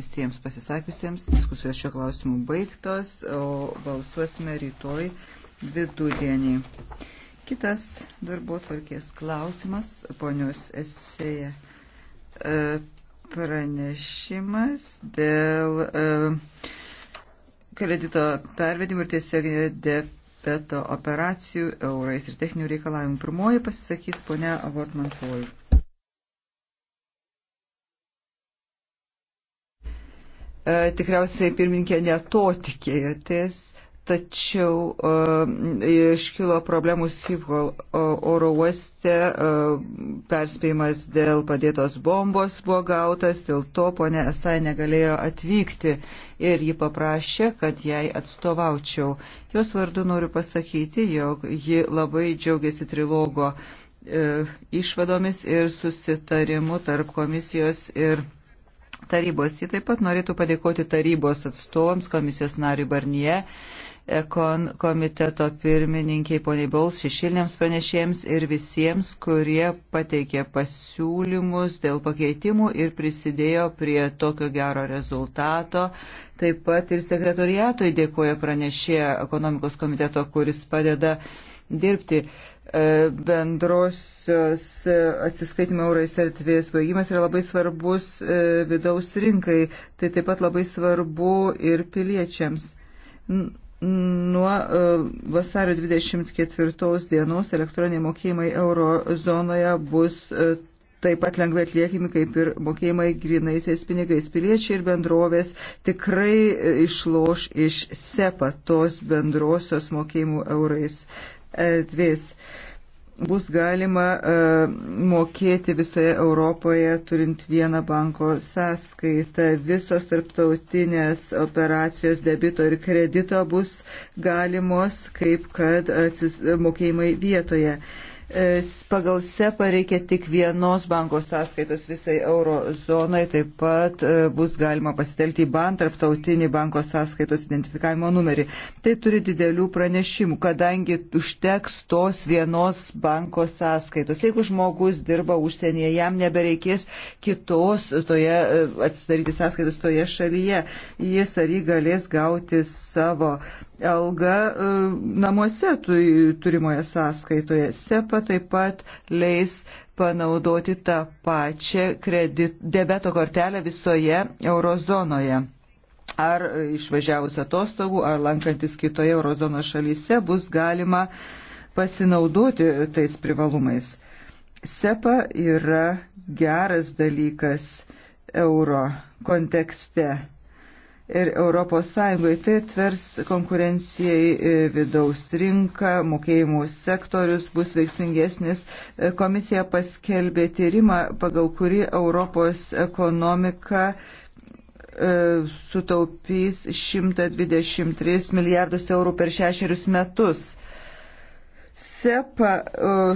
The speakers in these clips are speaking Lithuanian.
visiems pasisakiusiems. Diskusijos šio klausimu baigtos, o balsuosime rytoj vidudienį. Kitas darbo tvarkės klausimas, ponios esėje pranešimas dėl e, kredito pervedimų ir tiesioginio debeto operacijų eurais ir techninių reikalavimų. Pirmoji pasisakys ponia Avortman Folt. E, tikriausiai pirmininkė neto tikėjotės, tačiau e, iškilo problemų Schiphol oro uoste, e, perspėjimas dėl padėtos bombos buvo gautas, dėl to ponė Esai negalėjo atvykti ir ji paprašė, kad jai atstovaučiau. Jos vardu noriu pasakyti, jog ji labai džiaugiasi trilogo išvadomis ir susitarimu tarp komisijos ir tarybos. Ji taip pat norėtų padėkoti tarybos atstovams, komisijos nariui Barnie, kon, komiteto pirmininkiai poniai Bols, šešiliniams pranešėjams ir visiems, kurie pateikė pasiūlymus dėl pakeitimų ir prisidėjo prie tokio gero rezultato. Taip pat ir sekretoriatui dėkoja pranešė ekonomikos komiteto, kuris padeda dirbti. E, bendrosios atsiskaitimo eurais erdvės baigimas yra labai svarbus e, vidaus rinkai, tai taip pat labai svarbu ir piliečiams. Nuo e, vasario 24 dienos elektroniniai mokėjimai eurozonoje bus taip pat lengvai atliekami kaip ir mokėjimai grinaisiais pinigais. Piliečiai ir bendrovės tikrai išloš iš SEPA tos bendrosios mokėjimų eurais erdvės. Bus galima e, mokėti visoje Europoje turint vieną banko sąskaitą. Visos tarptautinės operacijos debito ir kredito bus galimos kaip kad atsis, mokėjimai vietoje. Pagal SEPA reikia tik vienos banko sąskaitos visai eurozonai, taip pat e, bus galima pasitelti į BAN tarptautinį banko sąskaitos identifikavimo numerį. Tai turi didelių pranešimų, kadangi užteks tos vienos banko sąskaitos. Jeigu žmogus dirba užsienyje, jam nebereikės kitos toje, e, atsidaryti sąskaitos toje šalyje. Jis ar jį galės gauti savo alga e, namuose turimoje sąskaitoje. SEPA taip pat leis panaudoti tą pačią kredit, debeto kortelę visoje eurozonoje. Ar išvažiavus atostogų, ar lankantis kitoje eurozono šalyse bus galima pasinaudoti tais privalumais. SEPA yra geras dalykas euro kontekste ir Europos Sąjungai. Tai atvers konkurencijai e, vidaus rinką, mokėjimų sektorius bus veiksmingesnis. E, komisija paskelbė tyrimą, pagal kurį Europos ekonomika e, sutaupys 123 milijardus eurų per šešerius metus. SEPA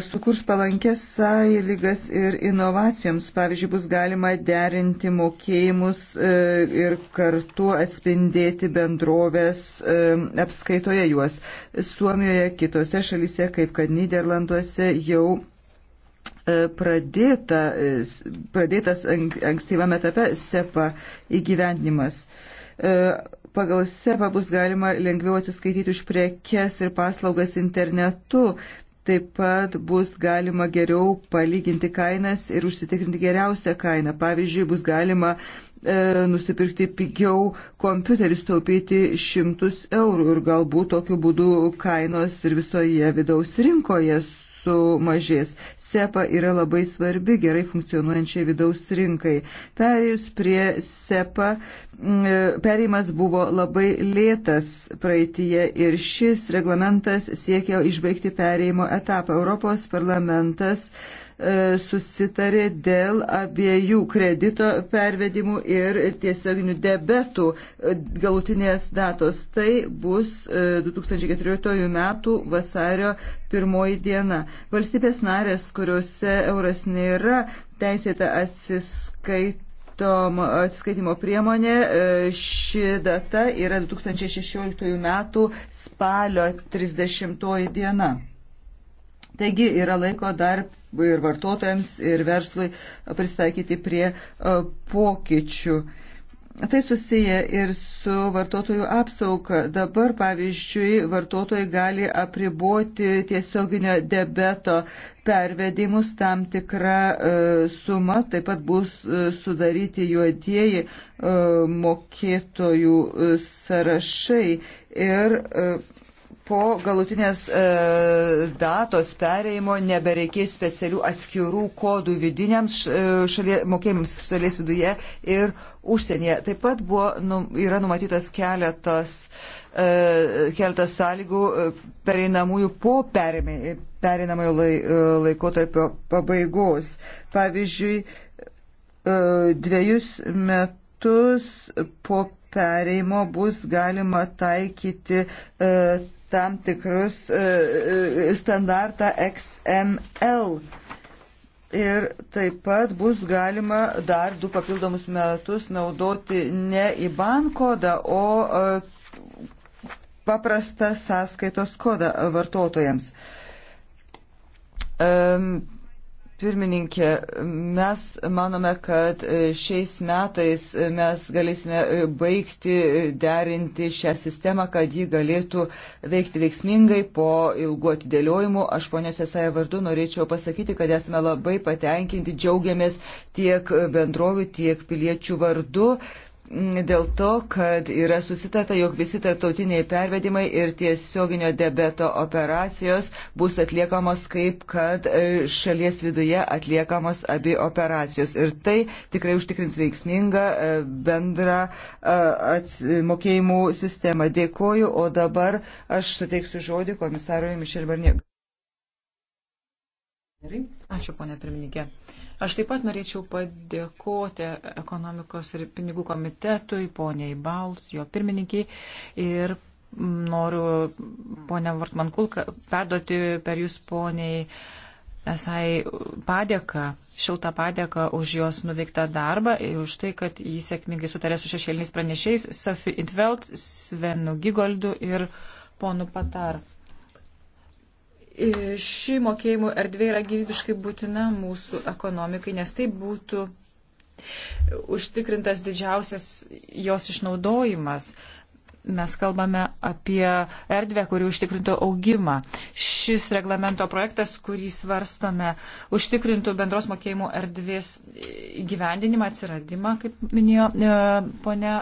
sukurs palankės sąlygas ir inovacijoms. Pavyzdžiui, bus galima derinti mokėjimus e, ir kartu atspindėti bendrovės e, apskaitoje juos. Suomijoje, kitose šalyse, kaip kad Niderlanduose, jau e, pradėta, pradėtas ankstyvame etape SEPA įgyvendinimas pagal SEPA bus galima lengviau atsiskaityti už prekes ir paslaugas internetu. Taip pat bus galima geriau palyginti kainas ir užsitikrinti geriausią kainą. Pavyzdžiui, bus galima e, nusipirkti pigiau kompiuterį, staupyti šimtus eurų ir galbūt tokiu būdu kainos ir visoje vidaus rinkoje sumažės. SEPA yra labai svarbi gerai funkcionuojančiai vidaus rinkai. Perėjus prie SEPA, perėjimas buvo labai lėtas praeitie ir šis reglamentas siekia išbaigti perėjimo etapą. Europos parlamentas uh, E, susitarė dėl abiejų kredito pervedimų ir tiesioginių debetų e, galutinės datos. Tai bus 2014 e, m. vasario pirmoji diena. Valstybės narės, kuriuose euras nėra teisėta atsiskaita tom atskaitimo priemonė. Ši data yra 2016 metų spalio 30 diena. Taigi yra laiko dar ir vartotojams, ir verslui pristaikyti prie e, pokyčių. Tai susiję ir su vartotojų apsauga. Dabar, pavyzdžiui, vartotojai gali apriboti tiesioginio debeto pervedimus tam tikrą e, sumą, taip pat bus e, sudaryti juodieji mokėtojų sąrašai ir po galutinės e, datos pereimo nebereikės specialių atskirų kodų vidiniams e, šalie, mokėjimams šalies viduje ir užsienyje. Taip pat buvo, nu, yra numatytas keletas, e, keletas sąlygų e, pereinamųjų po perėmė, pereinamojo lai, e, laikotarpio pabaigos. Pavyzdžiui, e, dviejus metus po pereimo bus galima taikyti e, tam tikrus e, e, standartą XML. Ir taip pat bus galima dar du papildomus metus naudoti ne į bankodą, o e, paprastą sąskaitos kodą vartotojams. Um, Pirmininkė, mes manome, kad e, šiais metais e, mes galėsime e, baigti derinti šią sistemą, kad ji galėtų veikti veiksmingai po ilgų atidėliojimų. Aš ponios Esaja vardu norėčiau pasakyti, kad esame labai patenkinti, džiaugiamės tiek bendrovių, tiek piliečių vardu. E, dėl to, kad yra susitarta, jog visi tarptautiniai pervedimai ir tiesioginio debeto operacijos bus atliekamos kaip, kad e, šalies viduje atliekamos abi operacijos. Ir tai tikrai užtikrins veiksmingą e, bendrą e, mokėjimų sistemą. Dėkoju, o dabar aš suteiksiu žodį komisarui Mišel Barniek. Ačiū, ponė pirmininkė. Uh, Aš taip pat norėčiau padėkoti ekonomikos ir pinigų komitetui, poniai Bals, jo pirmininkiai ir noriu ponę Vartmankulką perduoti per jūs poniai esai padėką, šiltą padėką už jos nuveiktą darbą ir už tai, kad jis sėkmingai sutarė su šešėliniais pranešiais Sofi Intveld, Svenu Gigoldu ir ponu Patar. E, ši mokėjimų erdvė yra gyvybiškai būtina mūsų ekonomikai, nes tai būtų užtikrintas didžiausias jos išnaudojimas. Mes kalbame apie erdvę, kuri užtikrintų augimą. Šis reglamento projektas, kurį svarstame, užtikrintų bendros mokėjimų erdvės gyvendinimą, atsiradimą, kaip minėjo e, ponia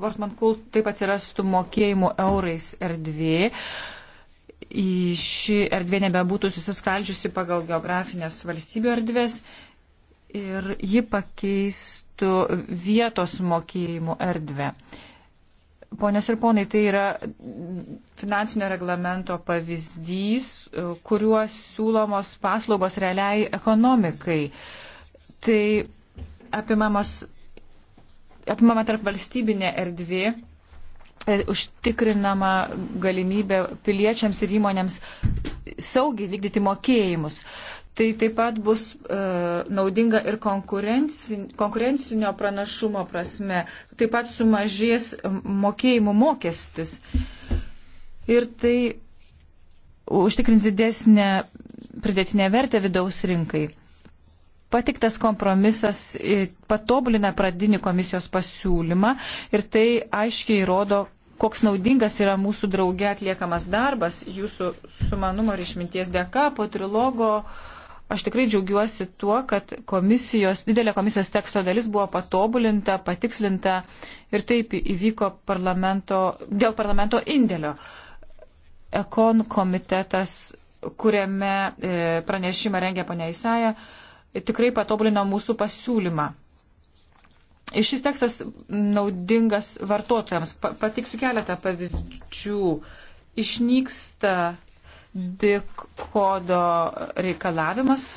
Vortman Kult, taip atsirastų mokėjimų eurais erdvė. E, ši erdvė nebebūtų susiskaldžiusi pagal geografinės valstybių erdvės ir ji pakeistų vietos mokėjimų erdvę. Ponios ir ponai, tai yra finansinio reglamento pavyzdys, kuriuo siūlomos paslaugos realiai ekonomikai. Tai apimamos, apimama tarp valstybinė erdvė E, užtikrinama galimybė piliečiams ir įmonėms saugiai vykdyti mokėjimus. Tai taip pat bus e, naudinga ir konkurencinio pranašumo prasme. Taip pat sumažės mokėjimų mokestis. Ir tai užtikrins didesnę pridėtinę vertę vidaus rinkai. Patiktas kompromisas patobulina pradinį komisijos pasiūlymą ir tai aiškiai įrodo, koks naudingas yra mūsų drauge atliekamas darbas, jūsų sumanumo ir išminties dėka po trilogo. Aš tikrai džiaugiuosi tuo, kad komisijos, didelė komisijos teksto dalis buvo patobulinta, patikslinta ir taip įvyko parlamento, dėl parlamento indėlio. Ekon komitetas, kuriame e, pranešimą rengia ponia Isaja, tikrai patobulino mūsų pasiūlymą. Ir šis tekstas naudingas vartotojams. Patiksiu keletą pavyzdžių. Išnyksta BIC kodo reikalavimas.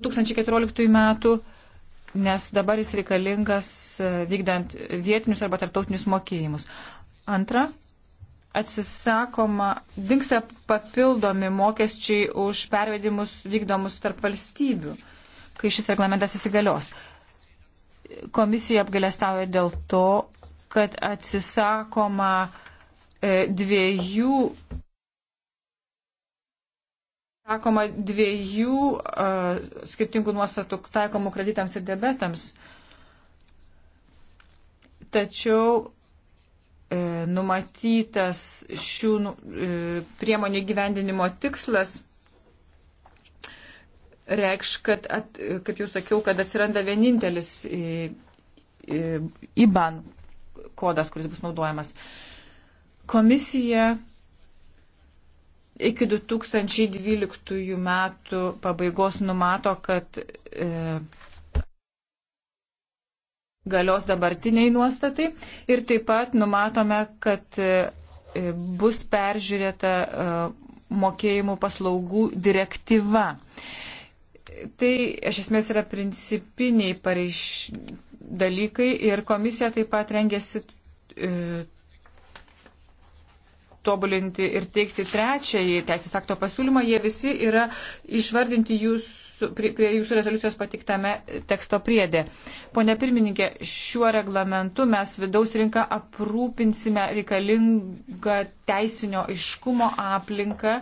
2014 metų, nes dabar jis reikalingas e, vykdant vietinius arba tarptautinius mokėjimus. Antra, atsisakoma, dinksta papildomi mokesčiai už pervedimus vykdomus tarp valstybių, kai šis reglamentas įsigalios. Komisija apgalėstauja dėl to, kad atsisakoma e, dviejų sakoma, dviejų uh, skirtingų nuostatų taikomų kreditams ir debetams. Tačiau E, numatytas šių nu, e, priemonių gyvendinimo tikslas reikš, kad, at, kaip jau sakiau, kad atsiranda vienintelis IBAN kodas, kuris bus naudojamas. Komisija iki 2012 metų pabaigos numato, kad e, galios dabartiniai nuostatai ir taip pat numatome, kad e, e, bus peržiūrėta e, mokėjimų paslaugų direktyva. Tai iš esmės yra principiniai pareiš dalykai ir komisija taip pat rengėsi tobulinti ir teikti trečiąjį teisės akto pasiūlymą, jie visi yra išvardinti jūsų, prie jūsų rezoliucijos patiktame teksto priedė. Pone pirmininkė, šiuo reglamentu mes vidaus rinką aprūpinsime reikalingą teisinio iškumo aplinką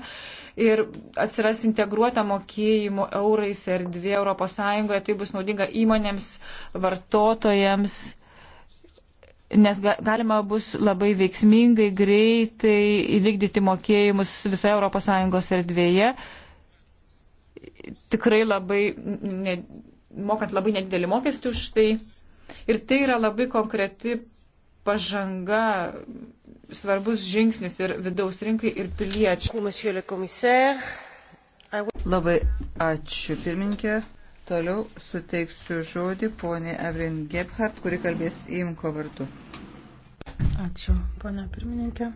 ir atsiras integruota mokėjimų eurais ir dvi Europos Sąjungoje, tai bus naudinga įmonėms, vartotojams nes galima bus labai veiksmingai, greitai įvykdyti mokėjimus visoje ES erdvėje. Tikrai labai, ne, mokant labai nedidelį mokestį už tai. Ir tai yra labai konkreti pažanga, svarbus žingsnis ir vidaus rinkai, ir piliečiai. Labai ačiū, pirmininkė. Toliau suteiksiu žodį ponė Evrin Gebhardt, kuri kalbės įimko vardu. Ačiū, ponė pirmininkė.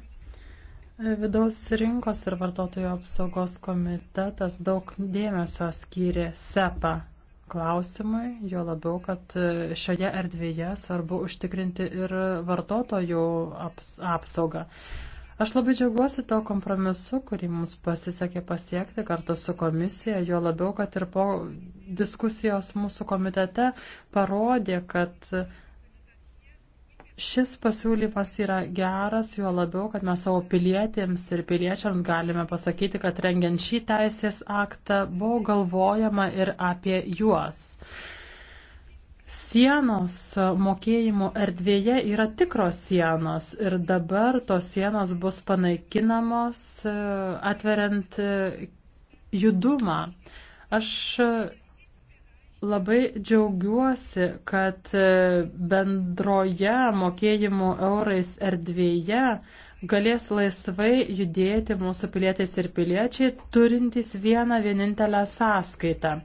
Vidaus rinkos ir vartotojų apsaugos komitetas daug dėmesio skyrė SEPA klausimui, jo labiau, kad šioje erdvėje svarbu užtikrinti ir vartotojų aps apsaugą. Aš labai džiaugiuosi to kompromisu, kurį mums pasisekė pasiekti kartu su komisija, jo labiau, kad ir po diskusijos mūsų komitete parodė, kad šis pasiūlymas yra geras, juo labiau, kad mes savo pilietėms ir piliečiams galime pasakyti, kad rengiant šį teisės aktą buvo galvojama ir apie juos. Sienos mokėjimų erdvėje yra tikros sienos ir dabar tos sienos bus panaikinamos, e, atveriant e, judumą. Aš e, labai džiaugiuosi, kad bendroje mokėjimų eurais erdvėje galės laisvai judėti mūsų pilietės ir piliečiai turintys vieną vienintelę sąskaitą.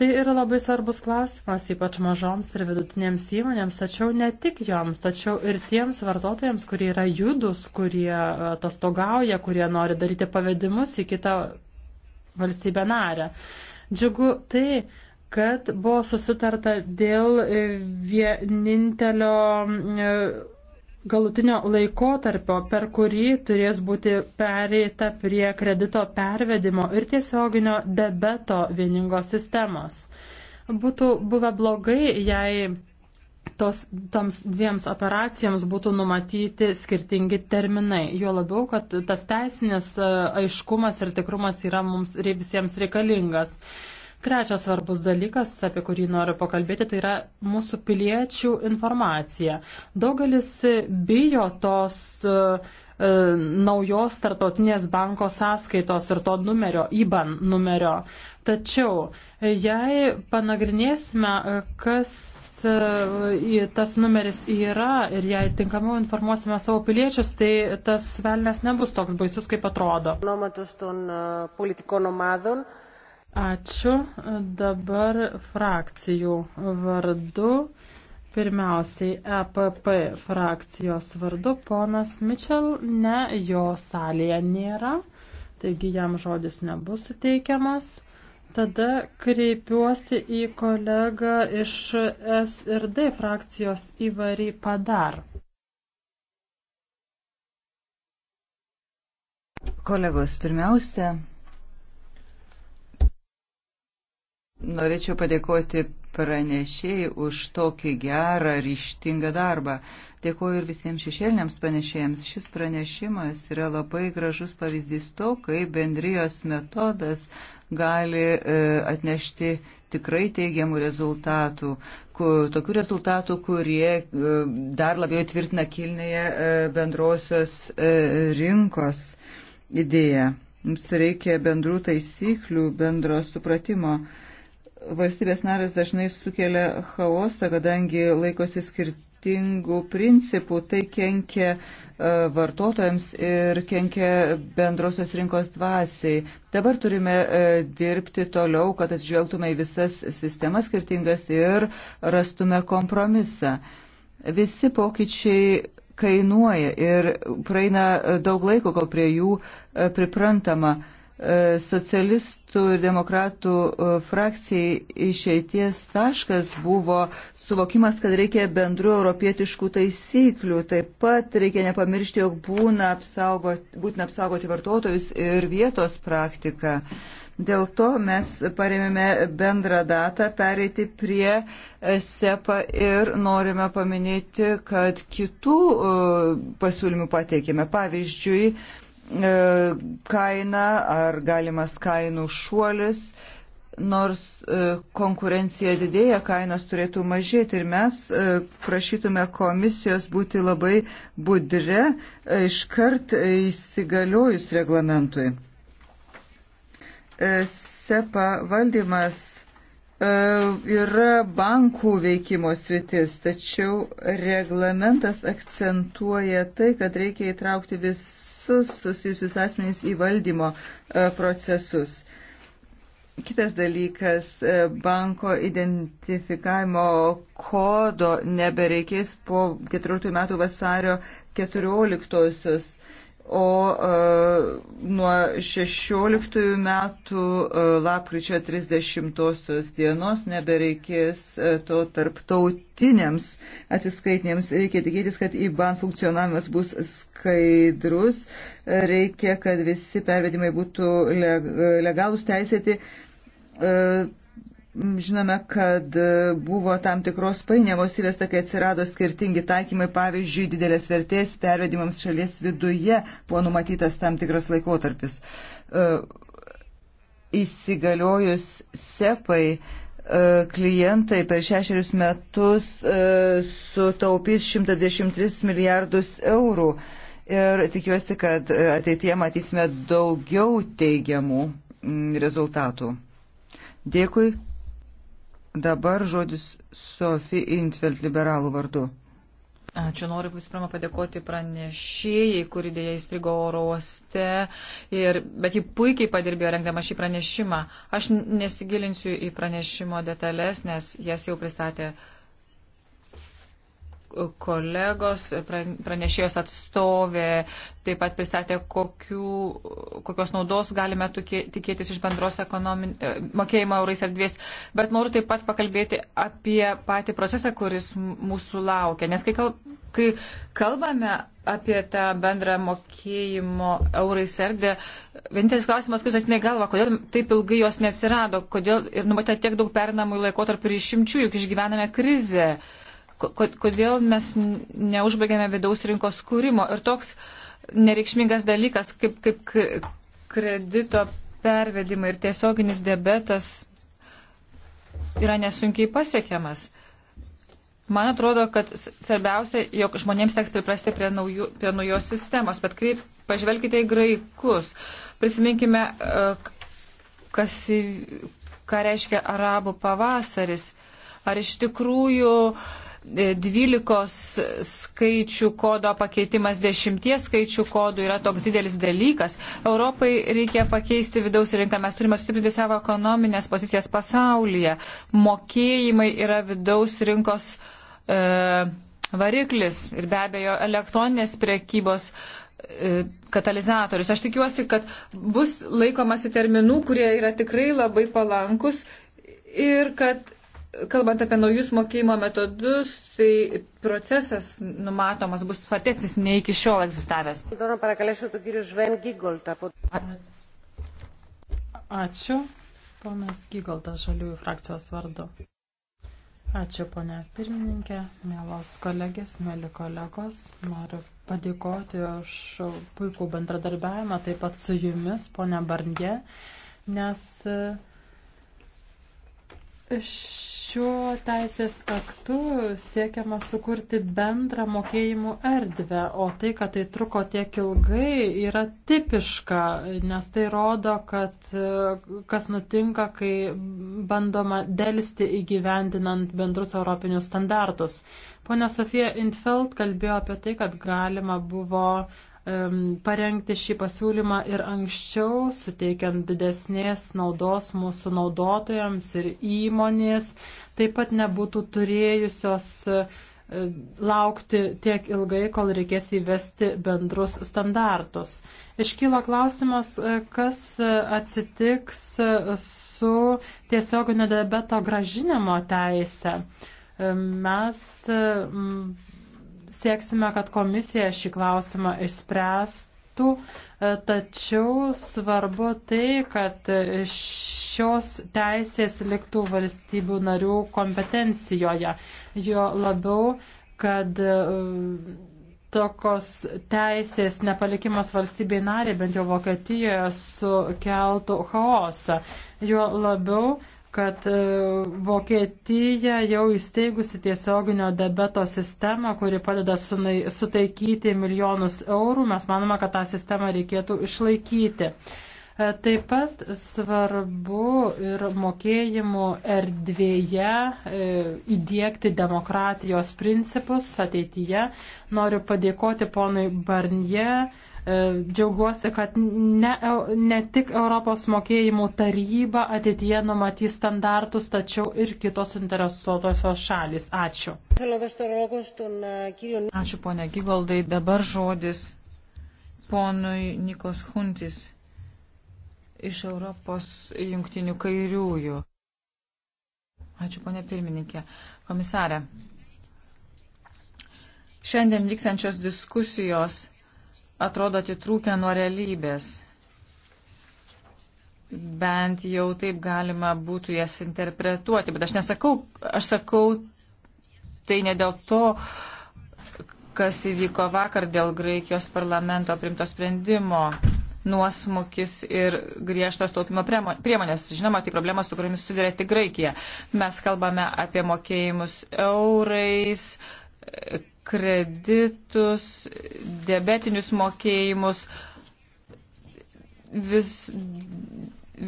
Tai yra labai svarbus klausimas, ypač mažoms ir vidutinėms įmonėms, tačiau ne tik joms, tačiau ir tiems vartotojams, kurie yra judus, kurie atostogauja, kurie nori daryti pavedimus į kitą valstybę narę. Džiugu tai, kad buvo susitarta dėl vienintelio galutinio laikotarpio, per kurį turės būti pereita prie kredito pervedimo ir tiesioginio debeto vieningos sistemos. Būtų buvę blogai, jei tos, toms dviems operacijoms būtų numatyti skirtingi terminai. Jo labiau, kad tas teisinės e, aiškumas ir tikrumas yra mums visiems reikalingas. Trečias svarbus dalykas, apie kurį noriu pakalbėti, tai yra mūsų piliečių informacija. Daugelis bijo tos uh, naujos tarptautinės banko sąskaitos ir to numerio, IBAN numerio. Tačiau, e, jei panagrinėsime, kas tas numeris yra ir jei tinkamiau informuosime savo piliečius, tai tas velnės nebus toks baisus, kaip atrodo. Nomatus ton politikon omadon. Uh, Ačiū. Dabar frakcijų vardu. Pirmiausiai EPP frakcijos vardu ponas Mitchell, ne jo salėje nėra, taigi jam žodis nebus suteikiamas. Tada kreipiuosi į kolegą iš S ir D frakcijos įvarį padar. Kolegos, pirmiausia, Norėčiau padėkoti pranešėjai už tokį gerą, ryštingą darbą. Dėkuoju ir visiems šešėliniams pranešėjams. Šis pranešimas yra labai gražus pavyzdys to, kaip bendrijos metodas gali e, atnešti tikrai teigiamų rezultatų, tokių rezultatų, kurie e, dar labiau tvirtina kilnėje e, bendrosios rinkos idėją. Mums reikia bendrų taisyklių, bendro supratimo valstybės narės dažnai sukelia chaosą, kadangi laikosi skirtingų principų, tai kenkia e, vartotojams ir kenkia bendrosios rinkos dvasiai. Dabar turime e, dirbti toliau, kad atžvelgtume į visas sistemas skirtingas ir rastume kompromisą. Visi pokyčiai kainuoja ir praeina e, daug laiko, kol prie jų priprantama. E, socialistų ir demokratų e, frakcijai išeities taškas buvo suvokimas, kad reikia bendrų europietiškų taisyklių. Taip pat reikia nepamiršti, jog būna apsaugoti, būtina apsaugoti vartotojus ir vietos praktiką. Dėl to mes paremėme bendrą datą pereiti prie e, SEPA ir norime paminėti, kad kitų pasiūlymų pateikėme. Pavyzdžiui, E, kaina ar galimas kainų šuolis, nors e, konkurencija didėja, kainos turėtų mažėti ir mes e, prašytume komisijos būti labai budre iškart įsigaliojus reglamentui. SEPA valdymas E, yra bankų veikimo sritis, tačiau reglamentas akcentuoja tai, kad reikia įtraukti visus susijusius asmenys į valdymo e, procesus. Kitas dalykas e, - banko identifikavimo kodo nebereikės po 14 metų vasario 14. -osios o e, nuo 16 metų e, lapkričio 30 dienos nebereikės e, to tarptautiniams atsiskaitinėms. Reikia tikėtis, kad IBAN funkcionavimas bus skaidrus, reikia, kad visi pervedimai būtų legalūs teisėti Mm, žinome, kad e, buvo tam tikros painiavos įvesta, kai atsirado skirtingi taikymai, pavyzdžiui, didelės vertės pervedimams šalies viduje buvo numatytas tam tikras laikotarpis. E, įsigaliojus sepai e, klientai per šešerius metus sutaupys 123 milijardus eurų ir tikiuosi, kad ateitie matysime daugiau teigiamų mm, rezultatų. Dėkui. Dabar žodis Sofi Intvelt liberalų vardu. Ačiū, noriu visų pirma padėkoti pranešėjai, kuri dėja įstrigo oro uoste, ir, bet ji puikiai padirbėjo rengdama šį pranešimą. Aš nesigilinsiu į pranešimo detalės, nes jas jau pristatė uh, kolegos, pranešėjos atstovė taip pat pristatė, kokių, kokios naudos galime tikėtis iš bendros ekonomin... E, mokėjimo eurais erdvės. Bet noriu taip pat pakalbėti apie patį procesą, kuris mūsų laukia. Nes kai, kal... kai kalbame apie tą bendrą mokėjimo eurais erdvę, vienintelis klausimas, kuris atina į galvą, kodėl taip ilgai jos neatsirado, kodėl ir numatė tiek daug pernamų laikotarpių ir išimčių, juk išgyvename krizę. Uh, kodėl mes neužbaigėme vidaus rinkos kūrimo. Ir toks nereikšmingas dalykas kaip, kaip kredito pervedimai ir tiesioginis debetas yra nesunkiai pasiekiamas. Man atrodo, kad svarbiausia, jog žmonėms teks priprasti prie, naujų, prie naujos sistemos, bet kaip pažvelkite į graikus, prisiminkime, e, kas, ką reiškia arabų pavasaris. Ar iš tikrųjų 12 skaičių kodo pakeitimas 10 skaičių kodų yra toks didelis dalykas. Europai reikia pakeisti vidaus rinką. Mes turime sustiprinti savo ekonominės pozicijas pasaulyje. Mokėjimai yra vidaus rinkos e, variklis ir be abejo elektroninės prekybos e, katalizatorius. Aš tikiuosi, kad bus laikomasi terminų, kurie yra tikrai labai palankus ir kad kalbant apie naujus mokėjimo metodus, tai procesas numatomas bus patesnis nei iki šiol egzistavęs. Ačiū, ponas Gygoldas Žaliųjų frakcijos vardu. Ačiū, ponė pirmininkė, mielos kolegės, mėly kolegos. Noriu padėkoti už puikų bendradarbiavimą taip pat su jumis, ponė Barnė, nes uh, Šiuo teisės aktu siekiama sukurti bendrą mokėjimų erdvę, o tai, kad tai truko tiek ilgai, yra tipiška, nes tai rodo, kad e, kas nutinka, kai bandoma dėlsti įgyvendinant bendrus europinius standartus. Pone Sofija Intfeld kalbėjo apie tai, kad galima buvo parengti šį pasiūlymą ir anksčiau, suteikiant didesnės naudos mūsų naudotojams ir įmonės, taip pat nebūtų turėjusios e, laukti tiek ilgai, kol reikės įvesti bendrus standartus. Iškyla klausimas, e, kas e, atsitiks su tiesioginio debeto gražinimo teise. Mes sieksime, kad komisija šį klausimą išspręstų, e, tačiau svarbu tai, kad šios teisės liktų valstybių narių kompetencijoje. Jo labiau, kad e, tokios teisės nepalikimas valstybei nariai, bent jau Vokietijoje, sukeltų chaosą. Juo labiau, kad e, Vokietija jau įsteigusi tiesioginio debeto sistemą, kuri padeda sutaikyti milijonus eurų. Mes manome, kad tą sistemą reikėtų išlaikyti. E, taip pat svarbu ir mokėjimų erdvėje e, įdėkti demokratijos principus ateityje. Noriu padėkoti ponui Barnie E, džiaugiuosi, kad ne, e, ne tik Europos mokėjimų taryba ateityje numatys standartus, tačiau ir kitos interesuotosios šalis. Ačiū. Ačiū, ponia Gigoldai. Dabar žodis ponui Nikos Huntis iš Europos jungtinių kairiųjų. Ačiū, ponė pirmininkė. Komisarė, šiandien vyksančios diskusijos atrodo atitrūkę nuo realybės. Bent jau taip galima būtų jas interpretuoti, bet aš nesakau, aš sakau tai ne dėl to, kas įvyko vakar dėl Graikijos parlamento primto sprendimo nuosmukis ir griežtos taupimo priemonės. Žinoma, tai problema, su kuriamis susiduria tik Graikija. Mes kalbame apie mokėjimus eurais, kreditus, debetinius mokėjimus. Vis,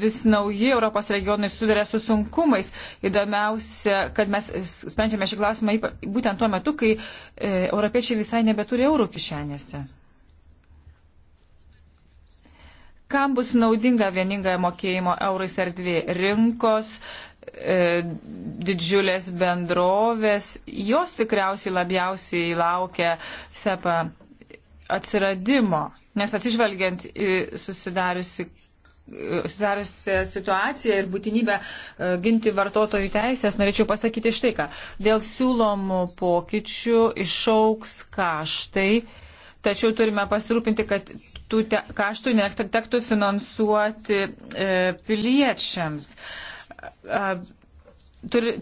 vis nauji Europos regionai sudarė su sunkumais. Įdomiausia, kad mes sprendžiame šį klausimą būtent tuo metu, kai e, europiečiai visai nebeturi eurų kišenėse. Kam bus naudinga vieninga mokėjimo eurais erdvė rinkos? E, E, didžiulės bendrovės, jos tikriausiai labiausiai laukia SEPA atsiradimo, nes atsižvelgiant į susidariusi e, susidariusią situaciją ir būtinybę e, ginti vartotojų teisės, norėčiau pasakyti štai ką. Dėl siūlomų pokyčių išauks kaštai, tačiau turime pasirūpinti, kad tų te, kaštų netektų finansuoti e, piliečiams. E,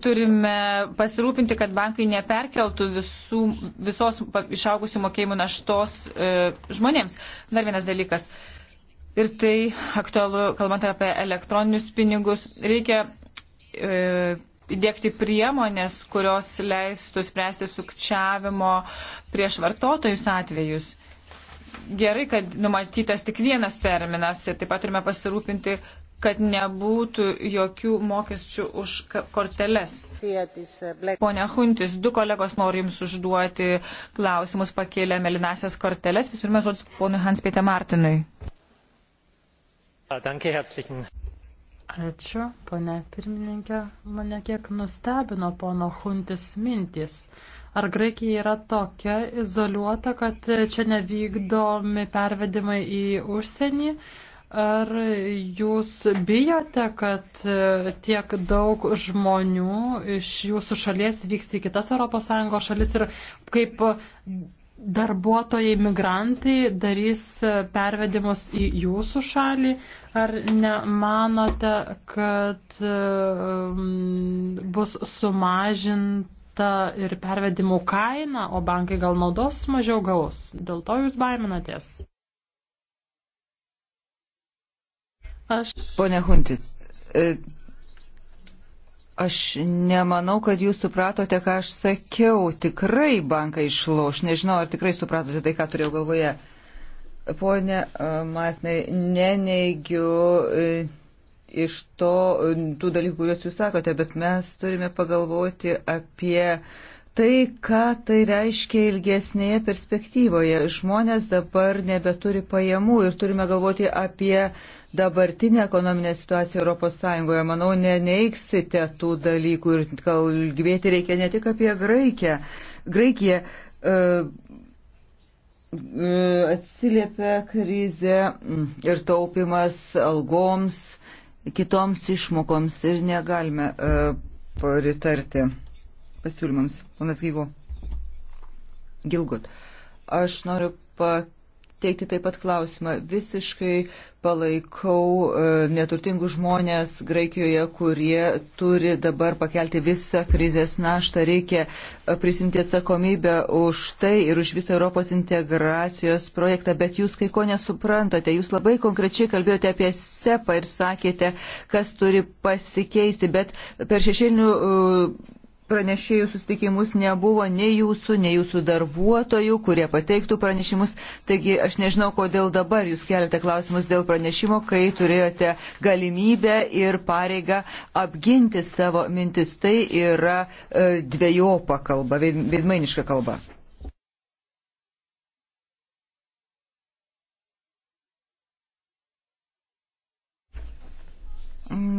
turime pasirūpinti, kad bankai neperkeltų visų, visos išaugusių mokėjimų naštos e, žmonėms. Dar vienas dalykas. Ir tai aktualu, kalbant apie elektroninius pinigus, reikia e, įdėkti priemonės, kurios leistų spręsti sukčiavimo prieš vartotojus atvejus. Gerai, kad numatytas tik vienas terminas ir taip pat turime pasirūpinti, kad nebūtų jokių mokesčių už korteles. Pone Huntis, du kolegos nori Jums užduoti klausimus pakėlę melinasias korteles. Visų pirma, žodis ponui Hans Pėte Martinui. Ačiū, ponė pirmininkė. Mane kiek nustebino pono Huntis mintis. Ar Graikija yra tokia izoliuota, kad čia nevykdomi pervedimai į užsienį? Ar jūs bijote, kad e, tiek daug žmonių iš jūsų šalies vyks į kitas ES šalis ir kaip darbuotojai, migrantai darys e, pervedimus į jūsų šalį? Ar nemanote, kad e, bus sumažinta ir pervedimų kaina, o bankai gal naudos mažiau gaus? Dėl to jūs baiminatės? Aš. Pone Huntis, e, aš nemanau, kad jūs supratote, ką aš sakiau. Tikrai bankai išloš. Nežinau, ar tikrai supratote tai, ką turėjau galvoje. Pone e, Matinai, neneigiu e, iš to, tų dalykų, kuriuos jūs sakote, bet mes turime pagalvoti apie uh, tai, ką tai reiškia ilgesnėje perspektyvoje. Žmonės dabar nebeturi pajamų ir turime galvoti apie dabartinę ekonominę situaciją ES. Manau, neneiksite tų dalykų ir kalbėti reikia ne tik apie Graikiją. Graikija e, e atsiliepia krizė mm, ir taupimas algoms, kitoms išmokoms ir negalime e, pritarti pasiūlymams. Ponas Gygo. Gilgut. Aš noriu pateikti taip pat klausimą. Visiškai palaikau e, neturtingus žmonės Graikijoje, kurie turi dabar pakelti visą krizės naštą. Reikia e, prisimti atsakomybę už tai ir už visą Europos integracijos projektą, bet jūs kai ko nesuprantate. Jūs labai konkrečiai kalbėjote apie SEPA ir sakėte, kas turi pasikeisti, bet per šešėlinių. Uh, pranešėjų susitikimus nebuvo nei jūsų, nei jūsų darbuotojų, kurie pateiktų pranešimus. Taigi aš nežinau, kodėl dabar jūs keliate klausimus dėl pranešimo, kai turėjote galimybę ir pareigą apginti savo mintis. Tai yra e, dviejopa kalba, veidmainiška kalba.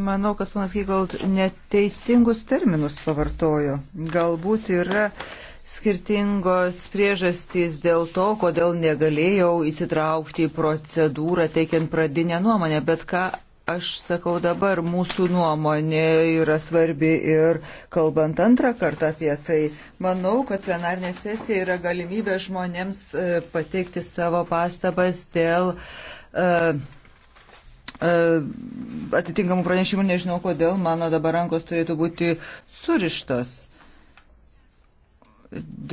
Manau, kad panas Gygold neteisingus terminus pavartojo. Galbūt yra skirtingos priežastys dėl to, kodėl negalėjau įsitraukti į procedūrą teikiant pradinę nuomonę, bet ką aš sakau dabar, mūsų nuomonė yra svarbi ir kalbant antrą kartą apie tai, manau, kad plenarnė sesija yra galimybė žmonėms e, pateikti savo pastabas dėl uh, E, atitinkamų pranešimų, nežinau kodėl, mano dabar rankos turėtų būti surištos.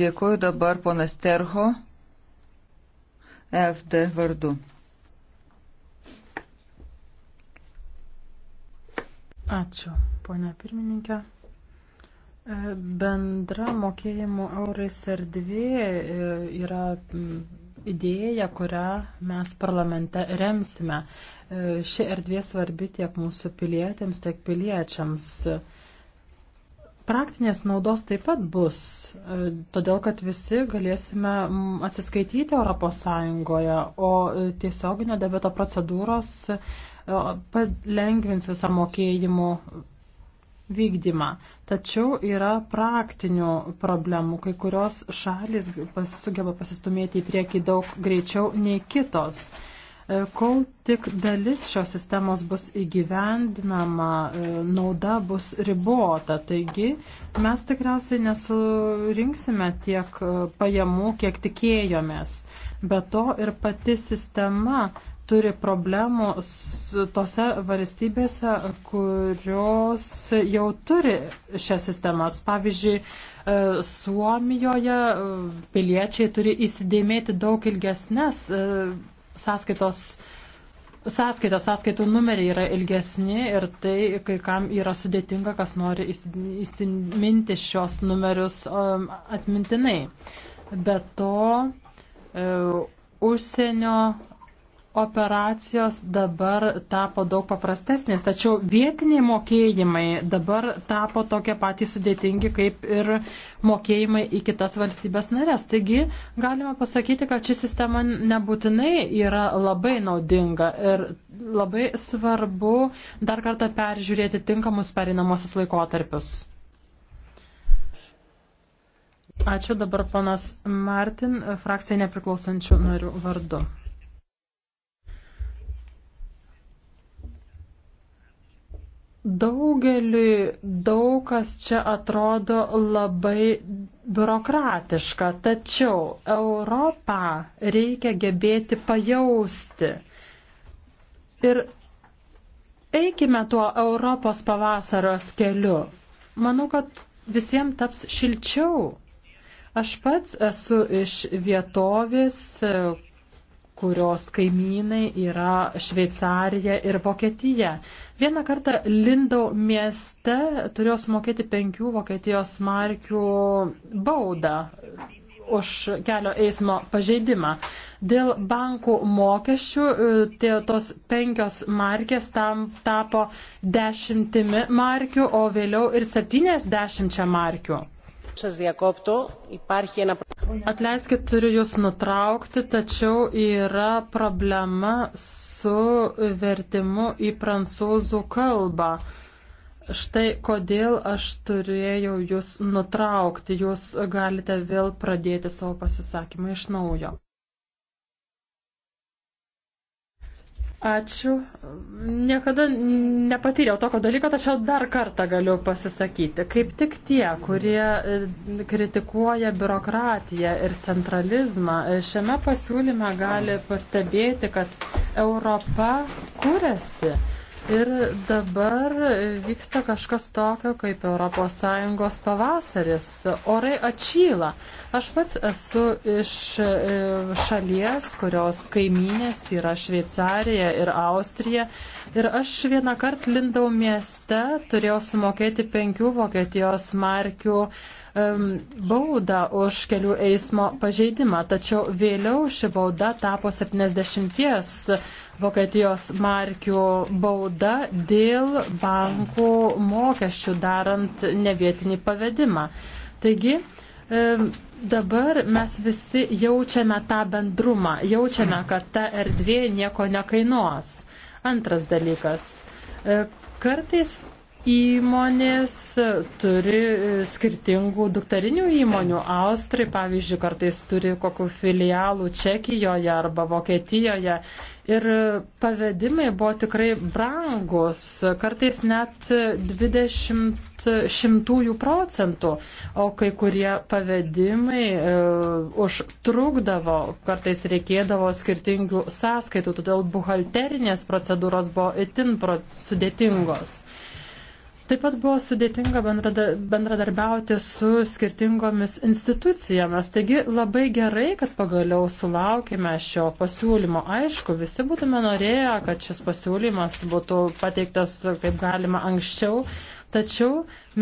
Dėkuoju dabar ponas Terho FD vardu. Ačiū, ponia pirmininkė. E, bendra mokėjimų eurais erdvė e, yra idėja, kurią mes parlamente remsime. Ši erdvė svarbi tiek mūsų pilietėms, tiek piliečiams. Praktinės naudos taip pat bus, e, todėl kad visi galėsime atsiskaityti ES, o e, tiesioginio debeto procedūros e, palengvins visą mokėjimų vykdymą. Tačiau yra praktinių problemų, kai kurios šalis sugeba pasistumėti į priekį daug greičiau nei kitos. Kol tik dalis šios sistemos bus įgyvendinama, e, nauda bus ribota. Taigi mes tikriausiai nesurinksime tiek e, pajamų, kiek tikėjomės. Be to ir pati sistema turi problemų tose valstybėse, kurios jau turi šias sistemas. Pavyzdžiui, e, Suomijoje piliečiai turi įsidėmėti daug ilgesnės sąskaitos, sąskaita, sąskaitų numeriai yra ilgesni ir tai kai kam yra sudėtinga, kas nori įsiminti šios numerius um, atmintinai. Be to, e, užsienio operacijos dabar tapo daug paprastesnės, tačiau vietiniai mokėjimai dabar tapo tokie patys sudėtingi kaip ir mokėjimai į kitas valstybės narės. Taigi galima pasakyti, kad ši sistema nebūtinai yra labai naudinga ir labai svarbu dar kartą peržiūrėti tinkamus perinamosius laikotarpius. Ačiū dabar panas Martin, frakcija nepriklausančių narių vardu. Daugeliui daug kas čia atrodo labai biurokratiška, tačiau Europą reikia gebėti pajausti. Ir eikime tuo Europos pavasaros keliu. Manau, kad visiems taps šilčiau. Aš pats esu iš vietovės, kurios kaimynai yra Šveicarija ir Vokietija. Vieną kartą Lindau mieste turėjo sumokėti penkių Vokietijos markių baudą už kelio eismo pažeidimą. Dėl bankų mokesčių e, tie, tos penkios markės tam tapo dešimtimi markių, o vėliau ir septyniasdešimčia markių. Atleiskit, turiu Jūs nutraukti, tačiau yra problema su vertimu į prancūzų kalbą. Štai kodėl aš turėjau Jūs nutraukti. Jūs galite vėl pradėti savo pasisakymą iš naujo. Ačiū. Niekada nepatyriau tokio dalyko, tačiau dar kartą galiu pasisakyti. Kaip tik tie, kurie e, kritikuoja biurokratiją ir centralizmą, e, šiame pasiūlyme gali pastebėti, kad Europa kūrėsi. Ir dabar vyksta kažkas tokio kaip ES pavasaris. Orai atšyla. Aš pats esu iš e, šalies, kurios kaiminės yra Šveicarija ir Austrija. Ir aš vieną kartą lindau mieste, turėjau sumokėti penkių Vokietijos markių baudą už kelių eismo pažeidimą, tačiau vėliau ši bauda tapo 70 Vokietijos markių bauda dėl bankų mokesčių darant nevietinį pavedimą. Taigi, e, dabar mes visi jaučiame tą bendrumą, jaučiame, kad ta erdvė nieko nekainuos. Antras dalykas. E, kartais įmonės turi skirtingų dukterinių įmonių. Austrai, pavyzdžiui, kartais turi kokių filialų Čekijoje arba Vokietijoje. Ir pavedimai buvo tikrai brangus, kartais net 20 šimtųjų procentų, o kai kurie pavedimai e, užtrukdavo, kartais reikėdavo skirtingų sąskaitų, todėl buhalterinės procedūros buvo itin sudėtingos. E, Taip pat buvo sudėtinga bendradarbiauti su skirtingomis institucijomis. Taigi labai gerai, kad pagaliau sulaukime šio pasiūlymo. Aišku, visi būtume norėję, kad šis pasiūlymas būtų pateiktas kaip galima anksčiau. Tačiau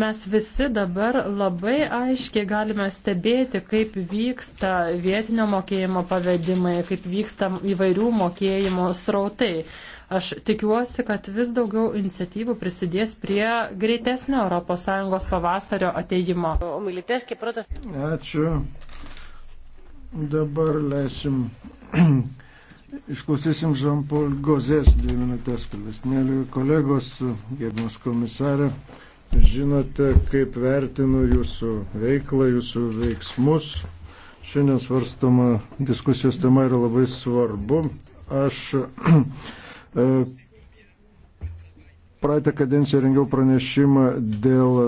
mes visi dabar labai aiškiai galime stebėti, kaip vyksta vietinio mokėjimo pavedimai, kaip vyksta įvairių mokėjimo srautai. Aš tikiuosi, kad vis daugiau iniciatyvų prisidės prie greitesnio ES pavasario ateimo. Ačiū. Dabar leisim. Išklausysim Žampol Gozės dvi minutės kalbės. Mėly kolegos, gerbimas komisarė, žinote, kaip vertinu jūsų veiklą, jūsų veiksmus. Šiandien svarstama diskusijos tema yra labai svarbu. Aš E, praeitą kadenciją rengiau pranešimą dėl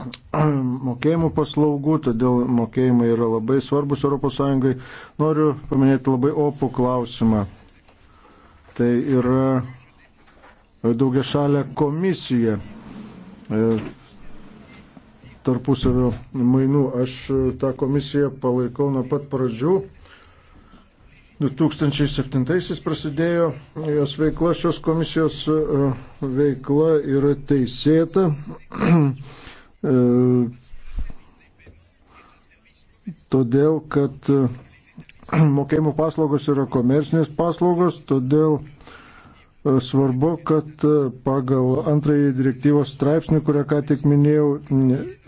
e, mokėjimų paslaugų, todėl mokėjimai yra labai svarbus ES. Noriu paminėti labai opų klausimą. Tai yra e, daugia šalia komisija tarpusavio mainų. Aš tą komisiją palaikau nuo pat pradžių 2007-aisiais prasidėjo jos veikla, šios komisijos e, veikla yra teisėta. E, todėl, kad e, mokėjimo paslaugos yra komersinės paslaugos, todėl Svarbu, kad e, pagal antrąjį direktyvos straipsnį, kurią ką tik minėjau,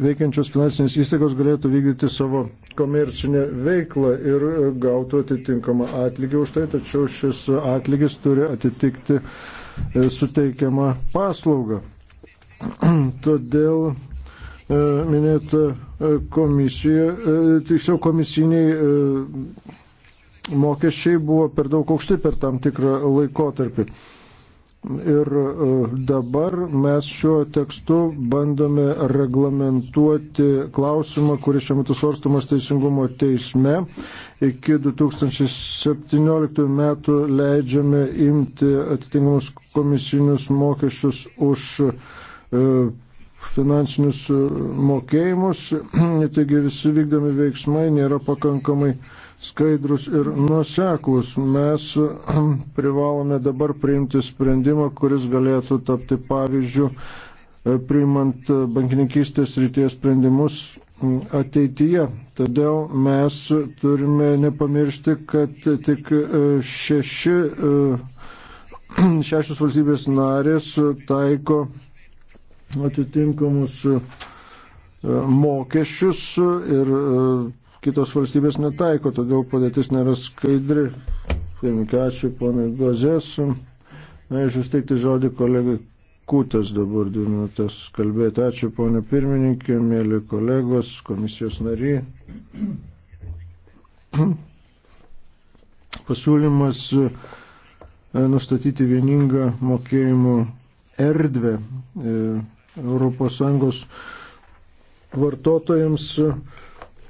veikiančios finansinės įstaigos galėtų vykdyti savo komercinę veiklą ir e, gautų atitinkamą atlygį už tai, tačiau šis atlygis turi atitikti e, suteikiamą paslaugą. Todėl minėta komisija, tiksliau komisiniai mokesčiai buvo per daug aukšti per tam tikrą laikotarpį. Ir e, dabar mes šiuo tekstu bandome reglamentuoti klausimą, kuris šiuo metu svarstamas Teisingumo teisme. Iki 2017 metų leidžiame imti atitinkamus komisinius mokesčius už e, finansinius mokėjimus. Taigi visi vykdomi veiksmai nėra pakankamai uh, skaidrus ir nuseklus. Mes privalome dabar priimti sprendimą, kuris galėtų tapti pavyzdžių, e, priimant bankininkystės ryties sprendimus ateityje. Todėl mes turime nepamiršti, kad tik e, šeši, e, šešios valstybės narės taiko atitinkamus mokesčius ir kitos valstybės netaiko, todėl padėtis nėra skaidri. Pirmininkai, ačiū ponai Gozės. Norėčiau steigti tai žodį kolegai Kutas dabar dvi minutės kalbėti. Ačiū ponė pirmininkė, mėly kolegos, komisijos nariai. Pasiūlymas e, nustatyti vieningą mokėjimų erdvę ES vartotojams